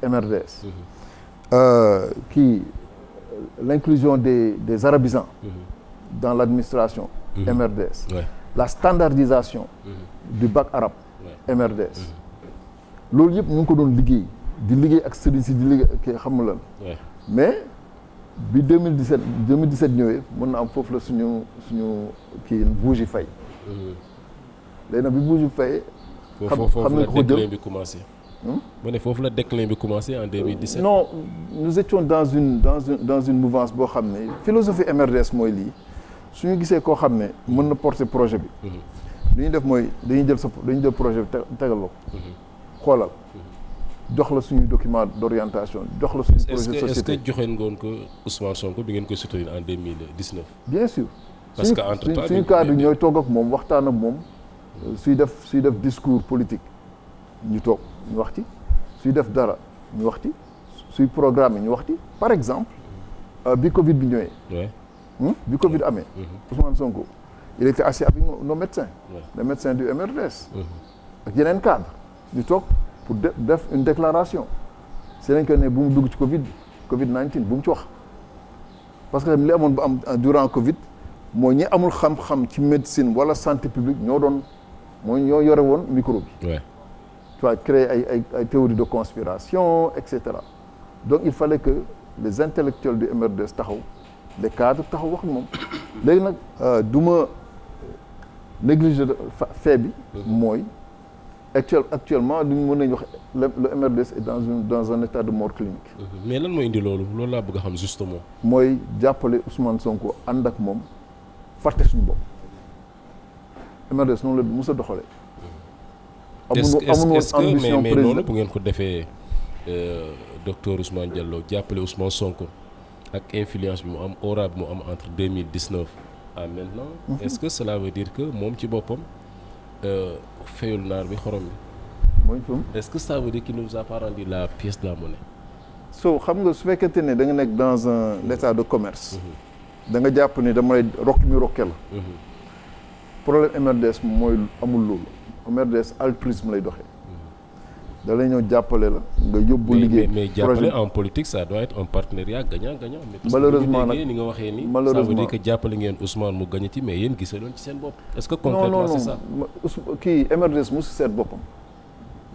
MRDS. Euh, kii l'inclusion des des arabisans. dans l'administration. MRDS. la standardisation. du bac arabe. MRDS. loolu yëpp ñu ngi ko doon liggéey di liggéey ak sëriñ si di liggéey ak xam lan bi 2017 2017 ñëwee mën na am foofu la suñu suñu kii bougie fay. Mm-hmm. léegi nag bi bougie fay. xam xam nañ ko déclin bi commencé. Hmm? ma ne foofu la déclin bi commencé en 2017. non nous étions dans une dans une dans une mouvance boo xam ne philosophie MRDS mooy lii su ñu gisee koo xam ne mën na porter projet bi. Mm-hmm. li ñu def mooy dañuy jël sa dañu jël projet bi tegal ko. Mm-hmm. xoolal. jox la suñu document d' orientation jox la suñu projet société est-ce ngoon ko Ousmane Sonko bi ngeen ko soutenir en bien sûr. parce que entre temps suñu cadre ñooy toog ak moom waxtaan ak moom suy def suy def discours politique ñu toog ñu wax ci suy def dara ñu wax ci suy programme ñu wax ci par exemple euh, bi Covid bi ñëwee. Hmm? bi Covid amee. Mhm. Ousmane Sonko il était assis avec nos médecins. les médecins du MRDS. Mhm. ak yeneen cadre ñu toog. pour def une déclaration si lañ ko ne bu mu dugg ci Covid Covid 19 bu mu ci wax parce que li amoon ba am durant Covid moo ñi amul xam-xam ci médecine wala santé publique ñoo doon moo ñoo yore woon micro bi. Ouais. créer ay ay ay théorie de conspiration et cetera donc il falle que les intellectuels du MRDS taxaw les cadres taxaw wax moom léegi nag euh, du ma de fait bi mm-hmm. mooy. actuel actuellement duñ mën nañ wax le MRDS est dans un état de mort clinique. Mhm. mais lan mooy indi loolu loolu laa bëgg a xam justement. mooy jàppale Ousmane Sonko ànd ak moom fàtte suñu bopp MRDS noonu la mos a doxalee. amuñu mhm. amuñu ambition président mais mais bu ngeen ko defee euh, docteur Ousmane Diallo jàppale Ousmane Sonko ak influence bi mu am aura mu am entre deux mille dix-neuf à mhm. est-ce que cela veut dire que moom ci boppam. Euh, fayul naar bi xorom bi. mooy tuum est-ce que ça veut dire qu'il nous a pas rendu la pièce de la monnaie. so xam nga su fekkente ne danga nekk dans un mhm. état de commerce. Mhm. danga jàpp ni damay lay rokk mi rokke la. Mhm. problème MRDS mooy amul loolu. MRDS altruisme lay doxee. da lay ñëw jàppale la nga yóbbu liggéey mais jàppale en politique ça doit être un partenariat gagnant gagnant malheureusement nag ni nga waxee ni malheureusement ça veut dire que jàppale ngeen Ousmane mu gañ ci mais yéen gisee loon ci seen bopp est-ce que concrètement c'est ça kii MRDS mosu seet boppam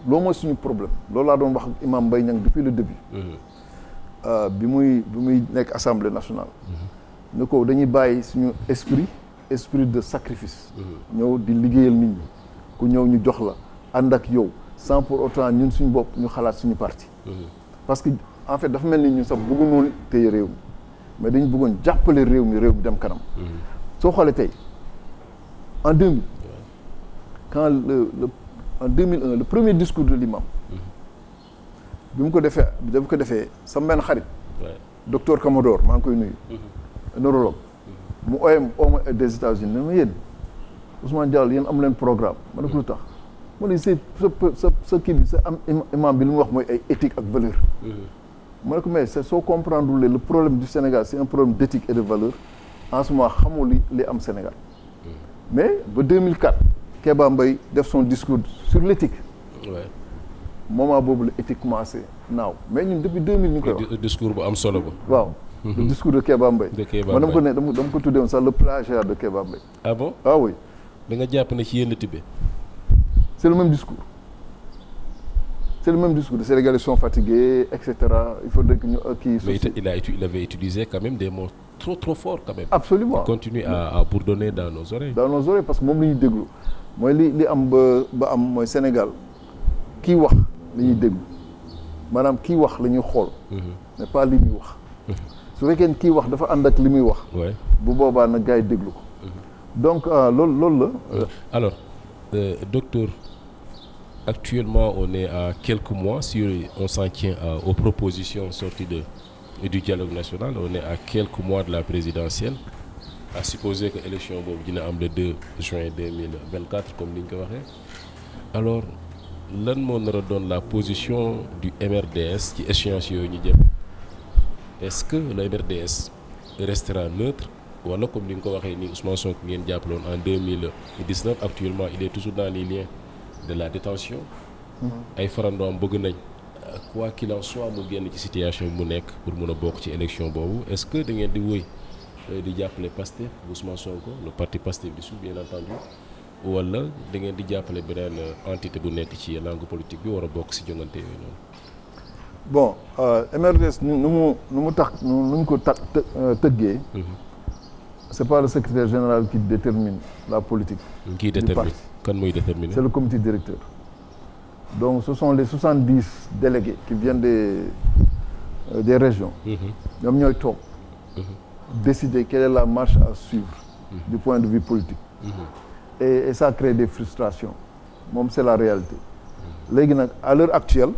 loolu mooy suñu problème loolu laa doon wax ak Imam Mbaye Niang depuis le début mm-hmm. euh, bi muy bi muy nekk assemblée nationale mm-hmm. ni ko dañuy bàyyi suñu esprit esprit de sacrifice mm-hmm. ñëw di liggéeyal nit ñi ku ñëw ñu jox la ànd ak yow sans pour autant ñun suñu bopp ñu xalaat suñu parti parce que en fait dafa mel ni ñun sax bëggunoon téye réew mi mais dañu bëggoon jàppale réew mi réew mi dem kanam soo xoolee tey en 2000 quand le le en 2001 le premier discours de l'imam bi mu ko defee bi mu ko defee sama benn xarit docteur Commodore maa ngi koy nuyu mm-hmm. neurologue mu ooyam ooma des États-Unis ne ma yéen Ousmane Diallo yéen am leen programme ma ne ko tax mu ne sa sa sa kii bi sa am imam bi lu mu wax mooy ay éthique ak valeur mm-hmm. mu ne ko mais c'est soo comprendre le problème du Sénégal c'est un problème d'éthique et de valeur en li am Sénégal mm-hmm. mais ba 2004 Kéba Mbaye def son discours sur l'éthique moment boobu la éthique commencé naaw mais ñun depuis 2000 ñu koy wax discours bu am solo ba waaw le mm-hmm. discours de Kéba Mbaye man dama ko ne dama ko tuddee woon sax le plagiat de Kéba Mbaye ah bon ah da nga jàpp ne ci yéen la C'est le même discours. C'est le même discours. Les Sénégalais sont fatigués, etc. Il faudrait que nous. Okay, Mais il, a, il avait utilisé quand même des mots trop, trop forts, quand même. Absolument. Il continue à, à bourdonner dans nos oreilles. Dans nos oreilles, parce que moi, je déglu. Moi, li, li am ba, ba am moy Sénégal ki wax lañuy déglu maanaam kii wax la ñuy xool mhm. mais pas li muy wax mhm. su fekkee kii wax dafa ànd ak li muy wax bu boobaa nag gars yi déglu ko mhm. donc euh, loolu loolu la euh, alors euh, docteur actuellement, on est à quelques mois, si on s'en tient à, euh, aux propositions sorties de, du dialogue national, on est à quelques mois de la présidentielle, à supposer que boobu dina am le 2 juin 2024, comme ko waxee Alors, lan moo nar doon la position du MRDS ci échéance yooyu ñu jëm est-ce que le MRDS restera neutre wala comme ni nga ko waxee ni Ousmane Sonko ngeen jàppaloon en 2019 actuellement il est toujours dans les liens de la détention ay farandoom bëgg nañ quoi qu'il en soit mu génn ci situation mu nekk pour mun a bokk ci élection boobu est-ce que da ngeen di wëy euh, di jàppale Pastef Ousmane Sonko le parti Pastef du Sud bien entendu wala da ngeen di jàppale beneen euh, entité bu nekk ci langue politique bi war a bokk si jongante yooyu noonu. bon euh, MRDS nu mu nu mu tax nu ñu ko ta tëggee. Mhm. c'est pas le secrétaire général qui détermine la politique. qui détermine du kan mooy déterminer c'est le comité directeur donc ce sont les soixante-dix délégués qui viennent des euh, des régions mm-hmm. ñoom ñooy toog mm-hmm. décider quelle est la marche à suivre mmh. du point de vue politique mm-hmm. et, et ça crée des frustrations moom c'est la réalité léegi nag à l'heure actuelle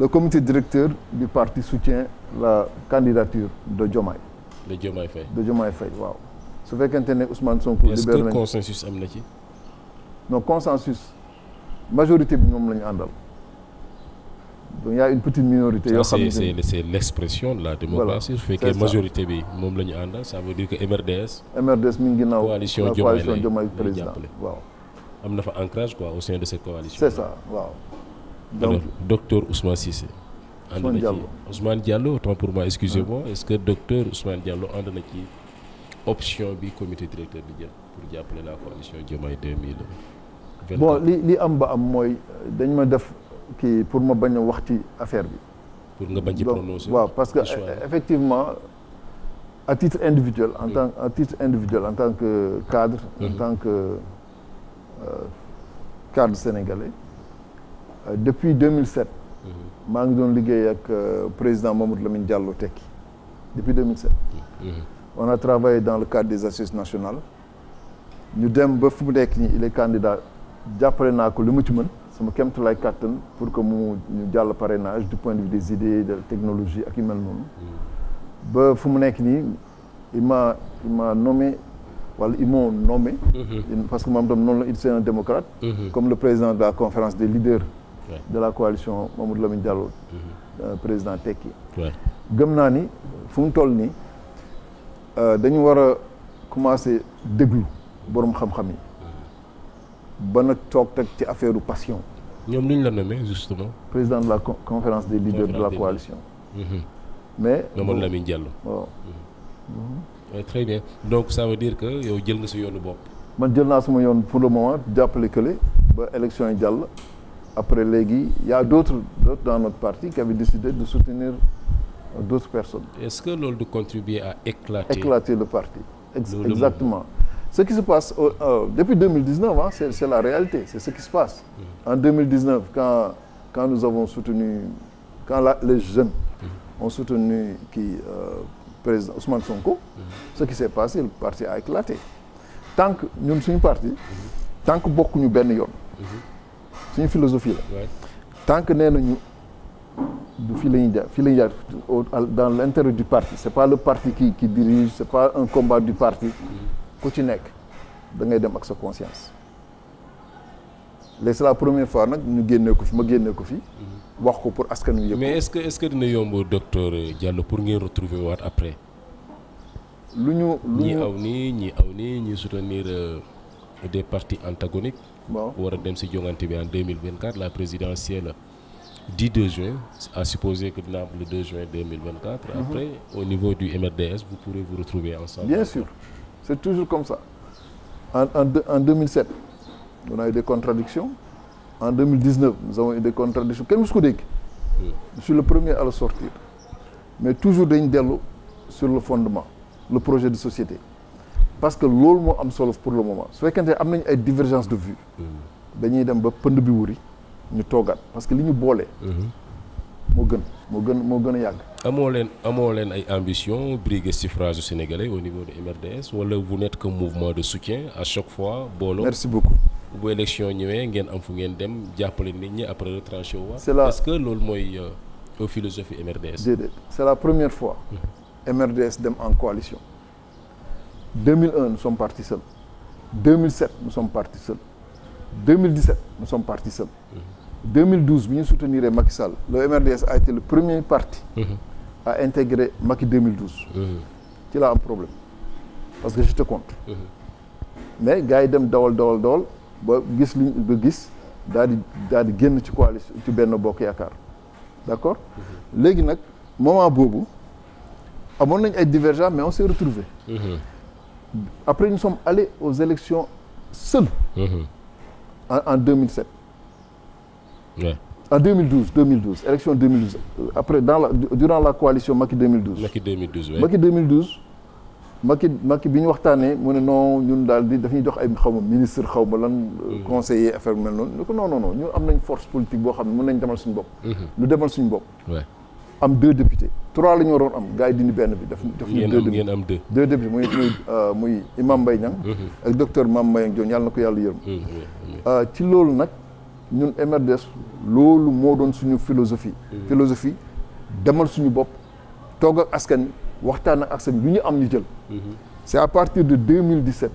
le comité directeur du parti soutient la candidature de Diomaye de Diomaye Faye de Diomaye Faye waaw su fekkente ne Ousmane Sonko. libéré est-ce que consensus am na ci. donc consensus majorité bi moom la ñu àndal donc y a une petite minorité. yoo xam ne c'est la démocratie. su majorité bi moom la ñu àndal ça veut dire que MRDS. MRDS mi ngi ginnaaw coalition Diomaye président waaw. am na fa ancrage quoi au sein de cette coalition. c'est ça waaw. donc docteur Ousmane Cissé. ànd na ci Ousmane Diallo autant pour moi excusez-moi ah. est-ce que docteur Ousmane Diallo ànd na ci option bi comité directeur bi jël pour jàppale la coalition Diomaye 2000. bon li li am ba am mooy dañ ma def kii pour ma bañ a wax ci affaire bi. pour nga bañ ci prononcer. waaw parce que effectivement a titre individuel. en tant à titre individuel en tant que cadre. en mhm. tant que euh, cadre sénégalais. Euh, depuis 2007. Mhm. maa ngi doon liggéey ak euh, président Mamadou Lamine jàlloo Tekki depuis 2007. Mhm. on a travaillé dans le cadre des assises nationales. ñu dem ba fu mu nekk nii il est candidat. jàppale naa ko li mu ci mën sama kéemtulaay kàttan pour que mu ñu jàll parrainage du point de vue des idées de technologie ak yu mel noonu mm. ba fu mu nekk nii il m'a il m'a nommé wala ils m'ont nommé mm-hmm. parce que moom tam noonu la il c'est un démocrate mm-hmm. comme le président de la conférence des leaders de la coalition Mamadou Lamine Diallo mm-hmm. euh, président Tekki gëm naa ni fu mu toll nii euh, dañu war a commencer déglu borom xam-xam yi ba nag toog teg ci affaire passion. ñoom nu ñu la nommé justement. président de la conférence des leaders de la coalition. Mm-hmm. mais Mamadou Lamine Diallo. waaw. Mm-hmm. très bien donc sa veut que yow jël na sa yoonu bopp. man jël naa sama yoon pour le moment jàppale kële ba élection yi jàll. après léegi y a d'autres dans notre parti qui avaient décidé de soutenir euh, d'autres personnes. est-ce que loolu de contribuer à éclater. éclater le parti. Ex exactement. ce qui se passe euh, euh depuis 2019, hein, c'est la réalité, c'est ce qui se passe. Mm-hmm. En 2019, quand, quand nous avons soutenu, quand la, les jeunes mm-hmm. ont soutenu qui, euh, président Ousmane Sonko, mm-hmm. ce qui s'est passé, le parti a éclaté. Tant que nous sommes partis, tant que beaucoup nous baignons, c'est une philosophie. Là. Ouais. Tant que nous du fii la ñuy jaar fii la ñuy jaar dans l'intérêt du parti c'est pas le parti qui qui dirige c'est pas un combat du parti ku ci nekk da ngay dem ak sa conscience léegi c'est première fois nag ñu génnee ko fi ma génnee ko fi. wax ko pour askan wi yëpp. mais est-ce que est dina yomb docteur Diallo pour ngeen retrouver waat après. lu ñu lu ñu ñii aw nii ñii aw nii ñii soutenir euh, des partis antagoniques. waaw war a dem si jongante bi en 2024 la présidentielle. 12 juin à supposer que dina am le 2 juin 2024. Mhm. après au niveau du MRDS vous pourrez vous retrouver ensemble. C'est toujours comme ça. En, en, en, 2007, on en eu mille dix En 2019, nous avons eu des contradictions. ko Je su le premier à le sortir. Mais toujours dañu dellu sur le fondement, le projet de société. Parce que loolu moo am solo pour le moment. su quand am y a une divergence de vue. Dañuy dem ba pënd bi wuri ñu togaat parce que li ñu bolé mhm. mo gën. moo gën moo gën a yàgg. amoo leen amoo leen ay ambition briguer suffrage sénégalais au niveau de MRDS wala vous n'êtes que mouvement de soutien à chaque fois booloo. merci beaucoup. bu élection ñëwee ngeen am fu ngeen dem jàppale nit ñi après retranché wu. c'est parce que loolu mooy euh, au philosophie MRDS. déedéet c'est la première fois. MRDS mmh. dem en coalition. 2001 nous sommes partis seuls. 2007 nous sommes partis seuls. 2017 nous sommes partis seuls. Mmh. 2012 bi ñu soutenir Macky Sall le MRDS a été le premier parti mhm. à intégrer Macky mhm. ci laa am problème parce que je te compte mhm. mais gars yi dem dawal dawal dawal ba gis luñ ba gis daal di daal di génn ci coalition ci benn bokk yaakaar d'accord léegi nag moment boobu amoon nañ ay divergence mais on s'est retrouvé après nous sommes allés aux élections seuls en Ouais. En 2012, 2012, élection 2012, après, durant la coalition Macky 2012. Macky 2012, bi ñu waxtaanee mu ne non ñun daal di daf ñu jox ay xaw ma ministre xaw ma lan. Mhm. conseiller affaire mel noonu ñu ko non non non ñu am nañ force politique boo xam ne mën nañ demal suñu bopp. Mhm. ñu demal suñu bopp. am deux députés trois la ñu waroon am gars yi dindi benn bi. daf daf ñu deux députés am deux. deux députés muy muy euh, muy Imam Mbaye Niang. Mhm. ak docteur Mame Mbaye yàlla na ko yàlla yërëm. Euh, ci loolu nag. ñun MRDS loolu moo doon suñu philosophie. Mm. philosophie demal suñu bopp toog ak askan waxtaan ak askan lu ñu am ñu jël. Mm-hmm. c'est à partir de 2017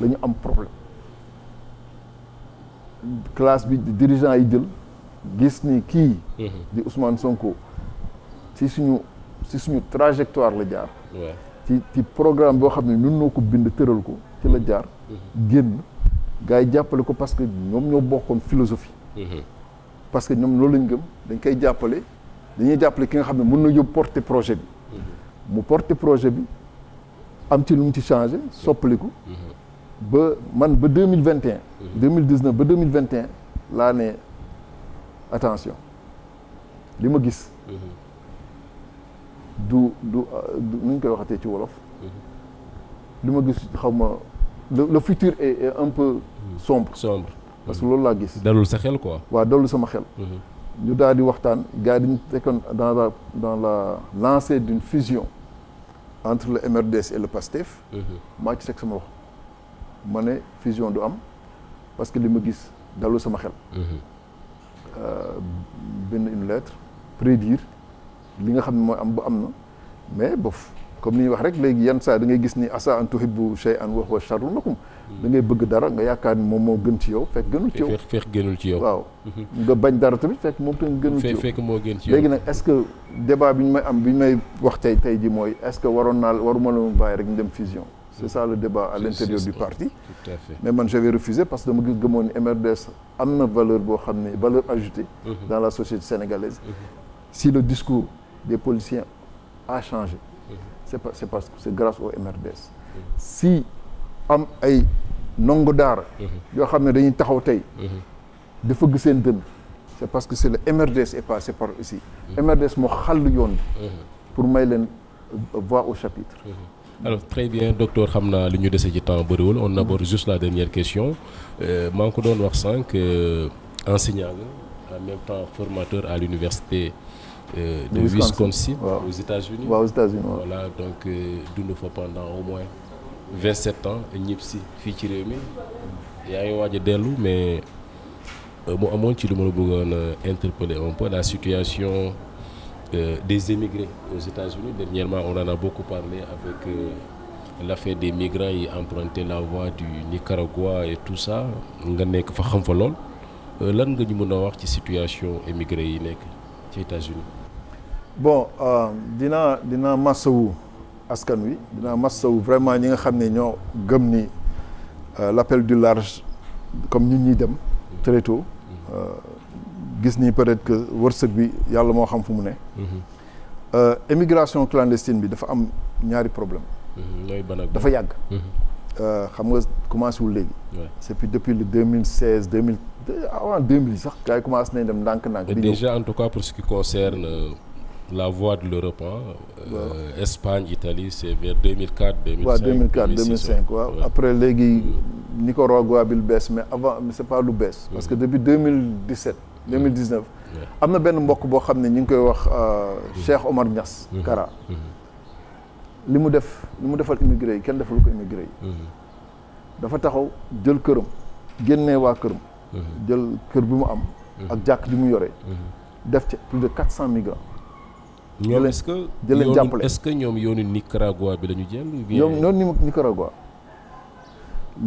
la ñu am problème classe bi dirigeant yi jël gis ni kii. Mm-hmm. di Ousmane Sonko ci suñu ci suñu trajectoire la jaar. ci ci programme boo xam ne ñun noo ko bind tëral ko ci la jaar mm-hmm. génn. gars yi jàppale ko parce que ñoom ñoo bokkoon philosophie. Mhm. parce que ñoom loolu ñu gëm dañ koy jàppale dañuy jàppale ki nga xam ne mun na yóbbu porter projet bi. Mhm. mu porter projet bi am ci lu mu ci changé soppaliku. Mhm. ba man ba deux mille vingt et mille dix neuf ba deux mille vingt et laa ne attention li ma gis. du du euh, du nuñ koy waxatee ci wolof. li ma gis xaw ma. le, le futur est, est un peu sombre. parce que loolu laa gis. dalul sa xel quoi. waa dalul sama xel. Mhm. ñu daal di waxtaan gars yi dañu fekkoon dans la dans la lancée d'une fusion entre la MRDS et le PASTEF. Mhm. maa ci teg sama wax ma ne fusion du am parce que li ma gis dalul sama xel. Mhm. Euh, benn une lettre prédire li nga xam ne mooy am ba am na mais bof. comme li ñuy wax rek léegi yan saa da ngay gis ni asa an tuhibbu shay'an wa huwa sharrun lakum da ngay bëgg dara nga yaakaar ni moom moo gën ci yow fekk gënul ci yow fekk gënul ci yow waaw mhm. nga bañ dara tamit fekk moom tamit gënul ci yow fekk moo gën ci yow léegi nag est-ce que débat bi ñu may am bi ñu may wax tey tey ji mooy est-ce que waroon naa waruma la moom bàyyi rek ñu dem fusion c'est ça le débat à l'intérieur du parti tout à fait mais man j'avais refusé parce que dama gis gëmoon ni MRDS am na valeur boo xam ne valeur ajoutée mhm. dans la société sénégalaise mhm. si le discours des politiciens a changé c'est pas c'est parce que c'est grâce au MRDS si am ay ndongo daara mhm. yoo xam ne dañuy taxaw tey mhm. di fëgg seen dënn c'est parce que c'est le MRDS est passé par ici MRDS mhm. moo xàll yoon bi pour may leen voix au chapitre alors très bien docteur xam naa li ñu dese ci temps bëriwul on aborde juste la dernière question euh, maa ngi ko doon wax cinq euh, enseignant en même temps formateur à l'université Euh, de Wisconsin, wow. aux États-Unis. Wow, aux États-Unis wow. voilà donc euh, dund fa pendant au moins vingt sept ans ñëpp si fii ci réew mi yaa ngi waaj a dellu mais euh, mu amoon ci lu ma la bëggoon a euh, interpeller situation euh, des émigrés aux États-Unis dernièrement on en a beaucoup parlé des migrants yi emprunté la voie du Nicaragua et tout ça nga nekk fa xam fa lool lan nga ñu mën a wax ci situation émigré yi nekk ci États-Unis bon euh, dinaa dinaa massawu askan wi dinaa massawu vraiment ñi nga xam ne ñoo gëm ni euh, l'appel du large comme ñun ñuy dem très mm-hmm. euh, gis ni peut-être que wërsëg bi yàlla moo xam fu mu ne mm-hmm. émigration clandestine bi dafa am ñaari problème mm-hmm. dafa yàgg xam nga commencé wul léegi le deux mille seize sax gars yi nañ dem ndànk-ndànk déjà en tout cas pour concerne la voie de l'Europe euh, Espagne Italie c'est vers 2004 2005 waaw 2004 2005 waaw ouais. après léegi Nicaragua bi lu bees mais avant c'est pas lu bees parce que depuis 2017 2019 am na benn mbokk boo xam ne ñu ngi koy wax euh, mm-hmm. Cheikh Omar Niass mm-hmm. Kara mm-hmm. li mu def li mu defal immigré yi kenn deful ko immigré yi dafa taxaw jël këram génne waa këram jël kër bi mu am ak jàkk bi mu yore def ci plus de quatre cent migrants ñoom est-ce que di leen jàppale est-ce que ñoom yoonu Nicaragua bi la ñu jël ñoom ñoom Nicaragua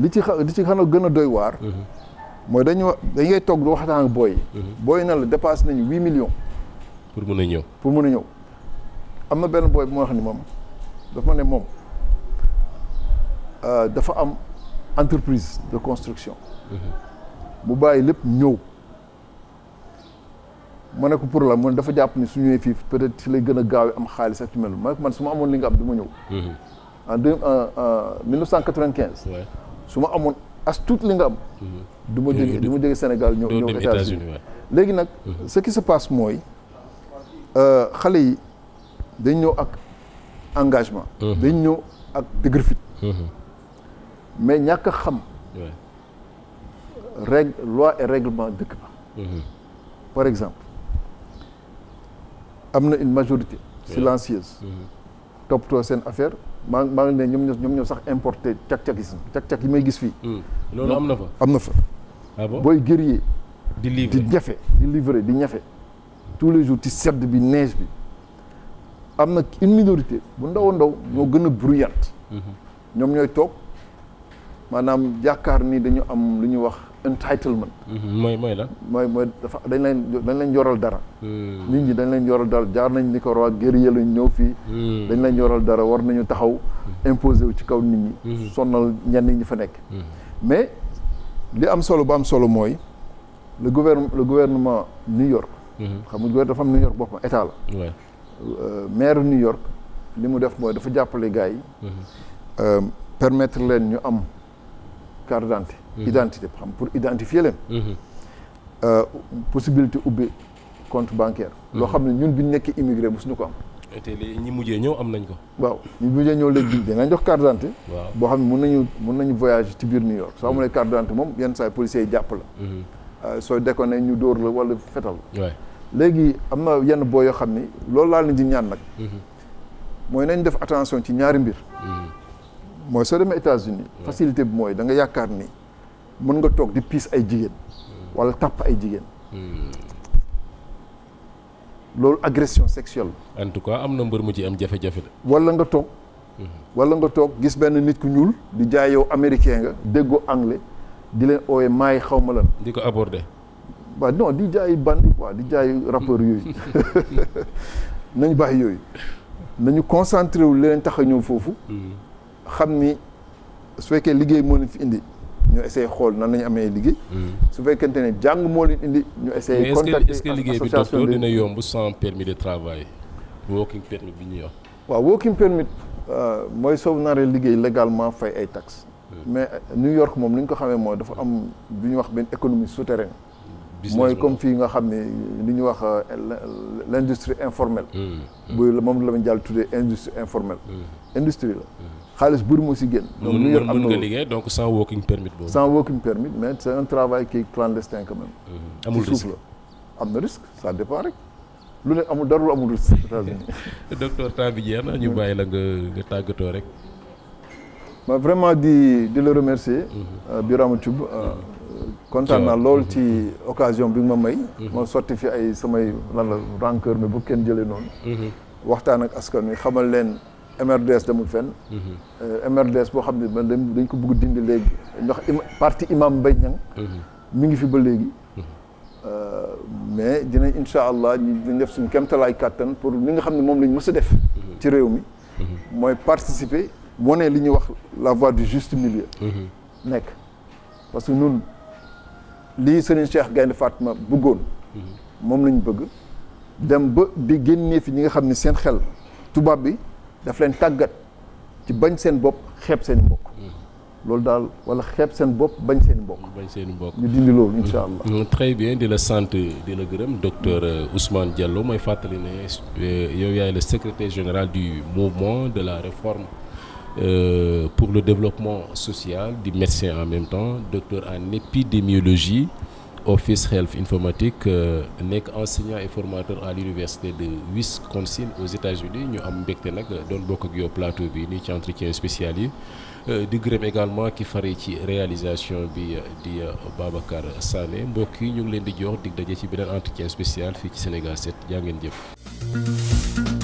li ci xa li ci xanaa gën a doy waar mhm. mooy dañu wax dañ ngay toog di waxtaan ak booy mhm. booy na la dépassé nañu huit millions pour mun a ñëw pour mun a ñëw am na benn booy bu ma wax ni moom dafa moom euh, dafa am entreprise de construction mu mhm. bàyyi lépp ñëw ma ne ko pour la man dafa jàpp ni su ñëwee fii peut-être ci lay gën a gaaw am xaalis ak ci mel ma ne ko man su ma amoon li nga am du ma ñëw. Mhm. en deux en 1995. su ma amoon as tuut li nga am. Mhm. du ma jógee du ma jógee Sénégal ñëw ñëw États-Unis léegi nag. Mhm. ce qui se passe mooy euh, xale yi dañ ñëw ak engagement. dañ ñëw ak dëgër mais ñàkk xam. règle loi et règlement dëkk ba. par exemple. am na une majorité silencieuse mhm. toppatoo seen affaire maa maa ngi ne ñoom ñoo ñoom ñoo sax importé cak-cakisme cak-cak yi may gis fii hmm. loolu am na fa am na fa ah booy guerrier di livrer di ñafe di livrer di ñafe tous les jours ci sedd bi neige bi am na une minorité bu ndaw ndaw ñoo gën a bruyante mhm. ñoom ñooy toog maanaam yaakaar ni dañu am lu ñuy wax entitlement. Mm-hmm. mooy mooy la. mooy mooy dafa dañ leen dañ leen yoral dara. Mm. nit ñi dañ leen yoral dara jaar nañ ni ko roi guerrier lañ ñëw fii. Mm. dañ leen yoral dara war nañu taxaw. Mm. imposer wu ci kaw nit ñi. Mm-hmm. sonnal ñenn ñi fa nekk. mais li am solo ba am solo mooy le gouverne le gouvernement New York. Mm-hmm. xam nga gouvernement dafa am New York boppam état la. Euh, maire New York li mu def mooy dafa jàppale gars yi. Euh, leen ñu am carte Mhm. identité xam pour identifier leen. Mhm. Euh, possibilité ubbi compte bancaire. Mhm. loo xam ne ñun bi ñu nekkee immigré bu suñu ko am. te ñi mujjee ñëw am nañ ko. waaw ñu mujjee ñëw léegi dinañ jox carte d'identité. waaw boo xam ne mun nañu mun nañu voyage ci biir New York soo amulee carte d'identité moom yenn saa yi policiers yi jàpp la. Euh, sooy déconné ñu dóor la wala fetal la. léegi am na yenn boo yoo xam ni loolu laal leen di ñaan nag. mooy nañ def attention ci ñaari mbir. mooy soo demee États-Unis facilité bi mooy da nga yaakaar ni. mën nga toog di piis ay jigéen wala tàpp ay jigéen hmm. loolu agression sexuelle en tout cas am na mbër mu ci am jafe-jafe de wala nga toog hmm. wala nga toog gis benn nit ku ñuul di jaay yow américain nga déggoo anglais di leen ooye maay xaw ma lan di ko aborder waa non di jaay bandi quoi di jaay rappeur yooyu hmm. nañu bàyyi yooyu nañu concentré wu leen tax a ñëw foofu xam ni su fekkee liggéey moo leen fi indi ñu essayé xool nan lañu amee liggéey. Mm. su fekkente ne jàng moo li indi ñu essayé. contacter est-ce que liggéey bi docteur dina yomb sans permis de travail working permit bi ñuy wax. waaw working permit euh, mooy soo naree liggéey légalement fay ay taxes. Mm. mais euh, New York moom li ñu ko xamee mooy dafa am bi ñu wax benn économie souterraine. mooy comme fii nga xam ne li ñu wax euh, l' industrie informelle. Mm. bu moom la ñu jàll tuddee industrie informelle. industrie la. xaalis bari moo si génn. donc lu yor am na nga liggéey donc sans working permit boobu. sans working permit mais c' un travail qui est clandestin quand même. Euh, amul suuf la am na risque ça dépend rek. lu ne amul dara lu amul risque États-Unis. docteur temps bi jeex na ñu bàyyi la nga nga tàggatoo rek. ma vraiment di di la remercier. Mhm. Euh, Birama Thioub. Euh, mhm. kontaan naa lool ci mhm. occasion bi nga ma may. ma sotti fi ay samay lan la rancœur mais bu kenn jëlee noonu. waxtaan ak askan wi xamal leen. MRDS demul fen MRDS mhm. euh, boo xam ne man dañ ko bugg dindi léegi ndax parti imam Mbaye Niang mu mhm. ngi fi ba léegi. Mhm. Euh, mais dinañ incha allah ñu def suñu kemtalaay kàttan pour li nga xam ne moom lañ mës a def. ci réew mi. mooy participer wane li ñuy wax la voie du juste milieu. nekk parce que ñun lii Serigne Cheikh Gaynde Fatma bëggoon. moom lañu bëgg dem ba di génnee fi ñi nga xam ni seen xel tubaab bi. daf leen tàggat ci bañ seen bopp xeeb seen mbokk mm-hmm. loolu daal wala xeeb seen bopp bañ seen mbokk. bañ seen mbokk ñu dindi loolu incha mm-hmm. allah. Mm-hmm. très bien di la sant di la gërëm docteur euh, Ousmane Diallo mooy fàttali ne euh, yow yaay le secrétaire général du mouvement de la réforme euh, pour le développement social di médecin en même temps docteur en épidémiologie. Office Health Informatique euh, nekk enseignant ay formateur à l'université de Wisconsin aux États-Unis ñu am mbégte nag doon bokk ak yow plateau bi ni ci entretien spéciale yi euh, di gërëm également ki fari ci réalisation bi di euh, Babacar Sané mbokk yi ñu ngi leen di jox dig daje ci beneen entretien spécial fii ci Sénégal 7 jaa ngeen jëf.